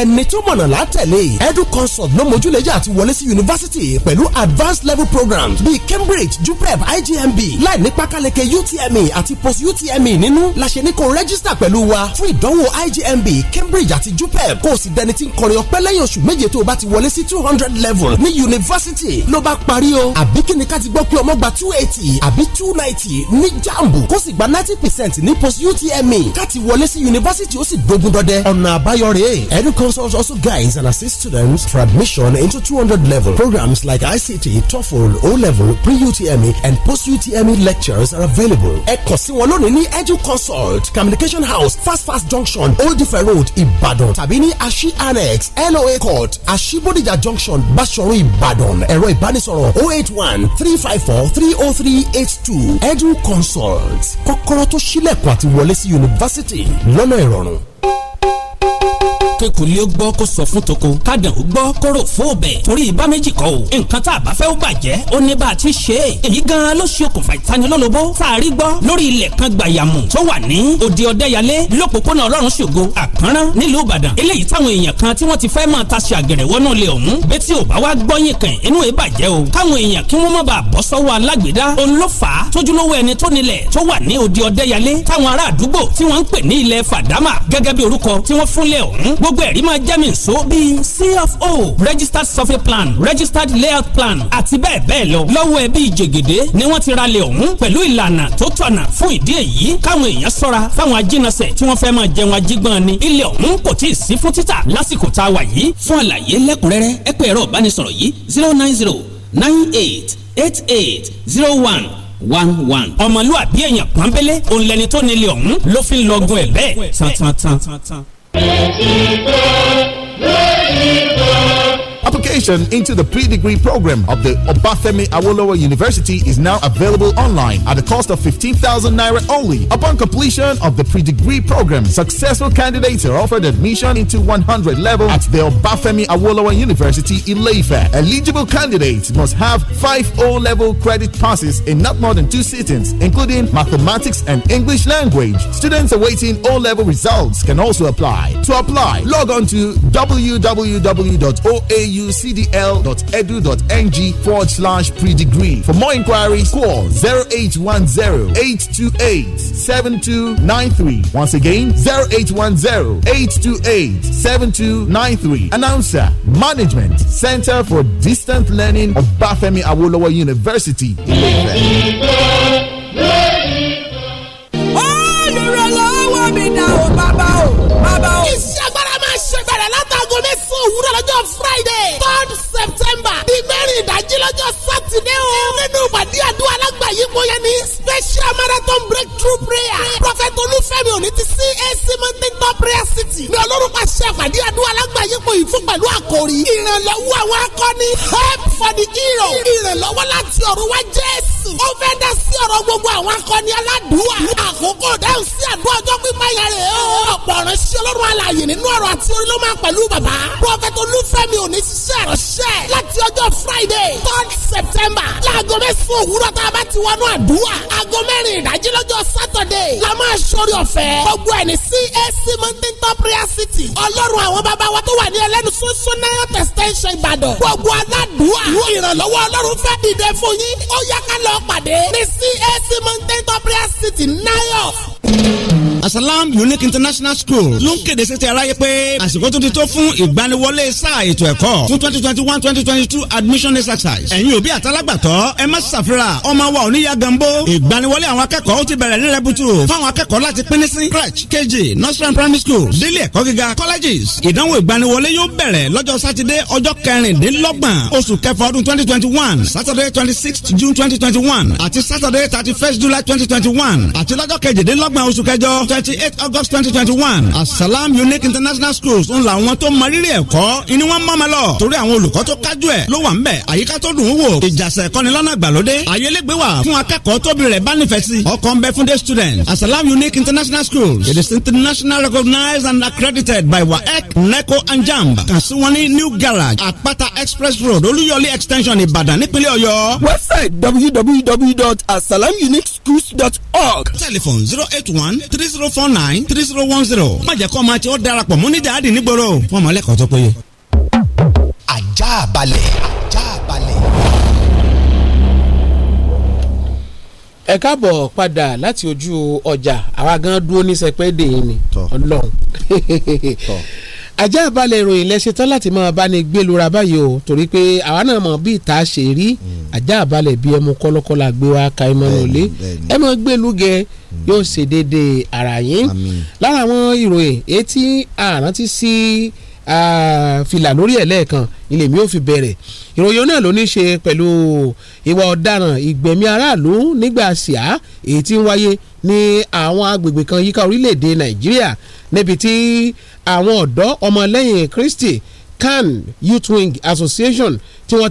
ẹni tó mọ̀nà látẹ̀lé edu consult ló mójúlẹ̀jà àti wọlé sí yunifásitì pẹ̀lú advanced level programs bíi Cambridge JUPEB IGMB. láì ní pákáleke UTME àti post UTME nínú la ṣe ní kó rẹ́gísítà pẹ̀lú wa fún ìdánwò IGMB, Cambridge àti JUPEB kó o sì dẹni tí ń kọrin ọpẹ́ lẹ́yìn oṣù méje tó o bá ti wọlé sí two hundred level ní yunifásitì ló bá parí o àbí kíni ká ti gbọ́ pé ọmọ gba two eighty àbí two ninety ní JAMB jambu kó sì gba ninety percent ní post utme káti wọlé sí yunifásitì ó sì gbógun dọdẹ ọ̀nà àbáyọ rèé edu consult also guides and assists students for admission into two hundred level programs like ict toefl o level pre-utme and post-utme lectures are available ẹ kàn sí wọn lónìí ní edu consult communication house fast fast junction old ife road Ibadan. tàbí ní ashi annex loa court ashibodija junction basoro Ibadan. ẹ̀rọ ìbánisọ̀rọ̀ 081 354 30382. three oh edu consult world kọ́kọ́rọ́ tó ṣílẹ̀kùn àti wọlé sí yunifásitì lọ́nà ìrọ̀rùn kékulé ó gbọ́ kó sọ fún toko kádàn ó gbọ́ kó rò fún òbẹ̀ torí ibà méjì kọ́ o nǹkan tá a bá fẹ́ ó bàjẹ́ ó ní bá a ti ṣe é èyí gan-an ló ṣe okùnfà ìtanilólobó sáàrí gbọ́ lórí ilẹ̀ kan gbàyàmù tó wà ní òde ọ̀dẹ́yàlé lópòpónà ọlọ́run ṣògo àkànrán nílùú ìbàdàn eléyìí táwọn èèyàn kan tí wọ́n ti fẹ́ máa taṣe àgẹ̀rẹ̀ wọnú ilé ọ̀hún betty ò bá wá gbọ́yìn kàn inú ẹ̀ bàjẹ́ o káwọn èèyàn kí wọ́n má bàa bọ́ sọ́wọ́ alágbèédá òun tójúlówó ẹni tó nílẹ̀ tó wà ní òde ọ̀dẹ́yàlé táwọn ará àdúgbò gbogbo ẹ̀rí máa jẹ́ mi nso bíi cfo registered survey plan registered layout plan àti bẹ́ẹ̀ bẹ́ẹ̀ lọ lọ́wọ́ ẹbí jègèdè ni wọ́n ti ra lẹ̀ ọ̀hún pẹ̀lú ìlànà tó tọ̀nà fún ìdí èyí káwọn èèyàn ṣọ́ra fáwọn ajínasẹ̀ tí wọ́n fẹ́ máa jẹun ajígbọ́n ni ilẹ̀ ọ̀hún kò tí ì sí fún títà lásìkò tá a wà yìí fún àlàyé lẹ́kùnrẹ́rẹ́ ẹ pè ẹ̀rọ ìbánisọ̀rọ̀ yìí zero nine zero nine eight eight eight zero one one one. ọmọlúwàbí èèyàn pọ́nbélé òun lẹni tó nílé ọ̀hún ló fi ń lọ́gùn ẹ̀ bẹ́ẹ̀ tantantan. 军旗歌，军旗歌。Application into the pre-degree program of the Obafemi Awolowo University is now available online at the cost of 15,000 naira only. Upon completion of the pre-degree program, successful candidates are offered admission into 100 level at the Obafemi Awolowo University in Lefa. Eligible candidates must have 5 O-level credit passes in not more than two sittings, including mathematics and English language. Students awaiting O-level results can also apply. To apply, log on to www.oau nucdl.edu.ng forward slash pre-degree. For more inquiries, call 0810-828-7293. Once again, 0810-828-7293. Announcer, Management, Center for Distant Learning of Bafemi Awolowo University. ó lùrọ̀ lọ́wọ́ mi náà friday. ti CAC Mountain Top Prayer City ní olórúkọ àṣẹ àpàdé àdúrà alágbàáyépo yìí fún pẹ̀lú àkòrí ìrànlọ́wọ́ àwọn akọni help for the hero ìrànlọ́wọ́ láti ọ̀run wá Jésù jésù. ó fẹ́ dá sí ọ̀rọ̀ gbogbo àwọn akọni aládùúwà. àkókò dáhùn sí àdúrà ọjọ́ pípa yẹn rè é. ọ̀pọ̀ ọ̀rọ̀ sí ọlọ́run alàyè nínú ọ̀rọ̀ àti orin ló máa pẹ̀lú bàbá. prọfẹ̀tì olúfẹ́mi ò ní ṣiṣẹ́ ránṣẹ́ láti ọjọ́ friday third september láago mẹ́sàn-án òwúrọ̀ tá a bá ti wọnú àdúrà. aago mẹ́rin ìdájí lọ́jọ́ saturday la máa ṣorí ọ̀fẹ́. gbogbo ẹ̀ ní CAC mountain top prayer city. ọlọ́run àwọn bàbá wa tó wà ní ẹlẹ́nu sunsun náírà tẹ̀sítẹ́ńṣẹ̀ ìbàdàn. gbogbo aládùúwà ìrànlọ́wọ́ ọlọ́run fẹ́ dìde fún yín. ó yá ká lọ lọ pàdé ní CAC mountain top real city nayos. Asalam Unique International School ló ń kéde sí ti aráyé pé àsìkò tó ti tó fún ìgbaniwọlé sáà ètò ẹ̀kọ́ fún twenty twenty one twenty twenty two admission exercise. Ẹ̀yin òbí àtàlágbàtọ́ ẹ má ṣàfihàn ọmọ wa ò ní ya gambo. Ìgbaniwọlé àwọn akẹ́kọ̀ọ́ ó ti bẹ̀rẹ̀ ní rẹ́bùtù fáwọn akẹ́kọ̀ọ́ láti pín ní sí crèche KG nursery primary school délé ẹ̀kọ́ gíga colleges. Ìdánwò ìgbaniwọlé yóò bẹ̀rẹ̀ lọ́jọ́ sátidé ọjọ́ kẹrìndínlọ́gbọ̀n oṣù kẹfà ọdún twenty twenty one Saturday twenty sixth June twenty twenty one àti Saturday thirty first July twenty twenty one àti lọ́jọ́ kejìdínlọ́gbọ̀n oṣù kẹjọ twenty eight August 2021. twenty Asalam Unique International Schools ń la wọn tó mọrírì ẹ̀kọ́ ni wọ́n mọ́mọ́ lọ torí àwọn olùkọ́ tó kájú ẹ̀ ló wà ń bẹ̀ àyíká tó dùn ún wò ìjàsẹ̀ kọ́ni lọ́nà gbàlódé ayélégbé wà fún akẹ́kọ̀ọ́ tóbi rẹ̀ bá ọkàn bẹ fún day students Asalam Unique International Schools it is internationally recognized and accredited by WAEC NECO and JAMB kàn New Garage Àpáta Express Road Olúyọlé Extension Ìbàdàn nípínlẹ̀ Ọ̀yọ́ website www www.asalamunicsschools.org. Telephone zero eight one three zero four nine three zero one zero. má jẹ́ kó ọmọ àti ó darapọ̀ mọ́ ní jáde nígboro fún ọmọ ẹlẹ́kọ̀ọ́ tó péye. ajá balẹ̀ ajá balẹ̀. ẹ káàbọ̀ padà láti ojú ọjà àwa gan dúró ní sẹpẹ́ dèé ni ọlọ́run ajá balẹ̀ ìròyìn lẹ́sẹ̀ tán láti máa bá ní gbé lura báyìí o torí pé àwa náà mọ̀ bí ìta ṣe rí hmm. ajá balẹ̀ bí ẹmu kọ́lọ́kọ́lá gbé wa ka ẹ mọ́nà òlé ẹ mọ́ gbé lúgẹ hmm. yóò ṣe déédéé ara yín lára àwọn ìròyìn etí àrántí sí. Si, fìlà lórí ẹ̀ lẹ́ẹ̀kan ilé mi ò fi bẹ̀rẹ̀ ìròyìn náà ló ní ṣe pẹ̀lú ìwà ọ̀daràn ìgbẹ̀mí aráàlú nígbà síá èyí tí ń wáyé ní àwọn agbègbè kan yíká orílẹ̀-èdè nàìjíríà níbi tí àwọn ọ̀dọ́ ọmọlẹ́yìn kristi CAN Youth Wing Association tí wọ́n ti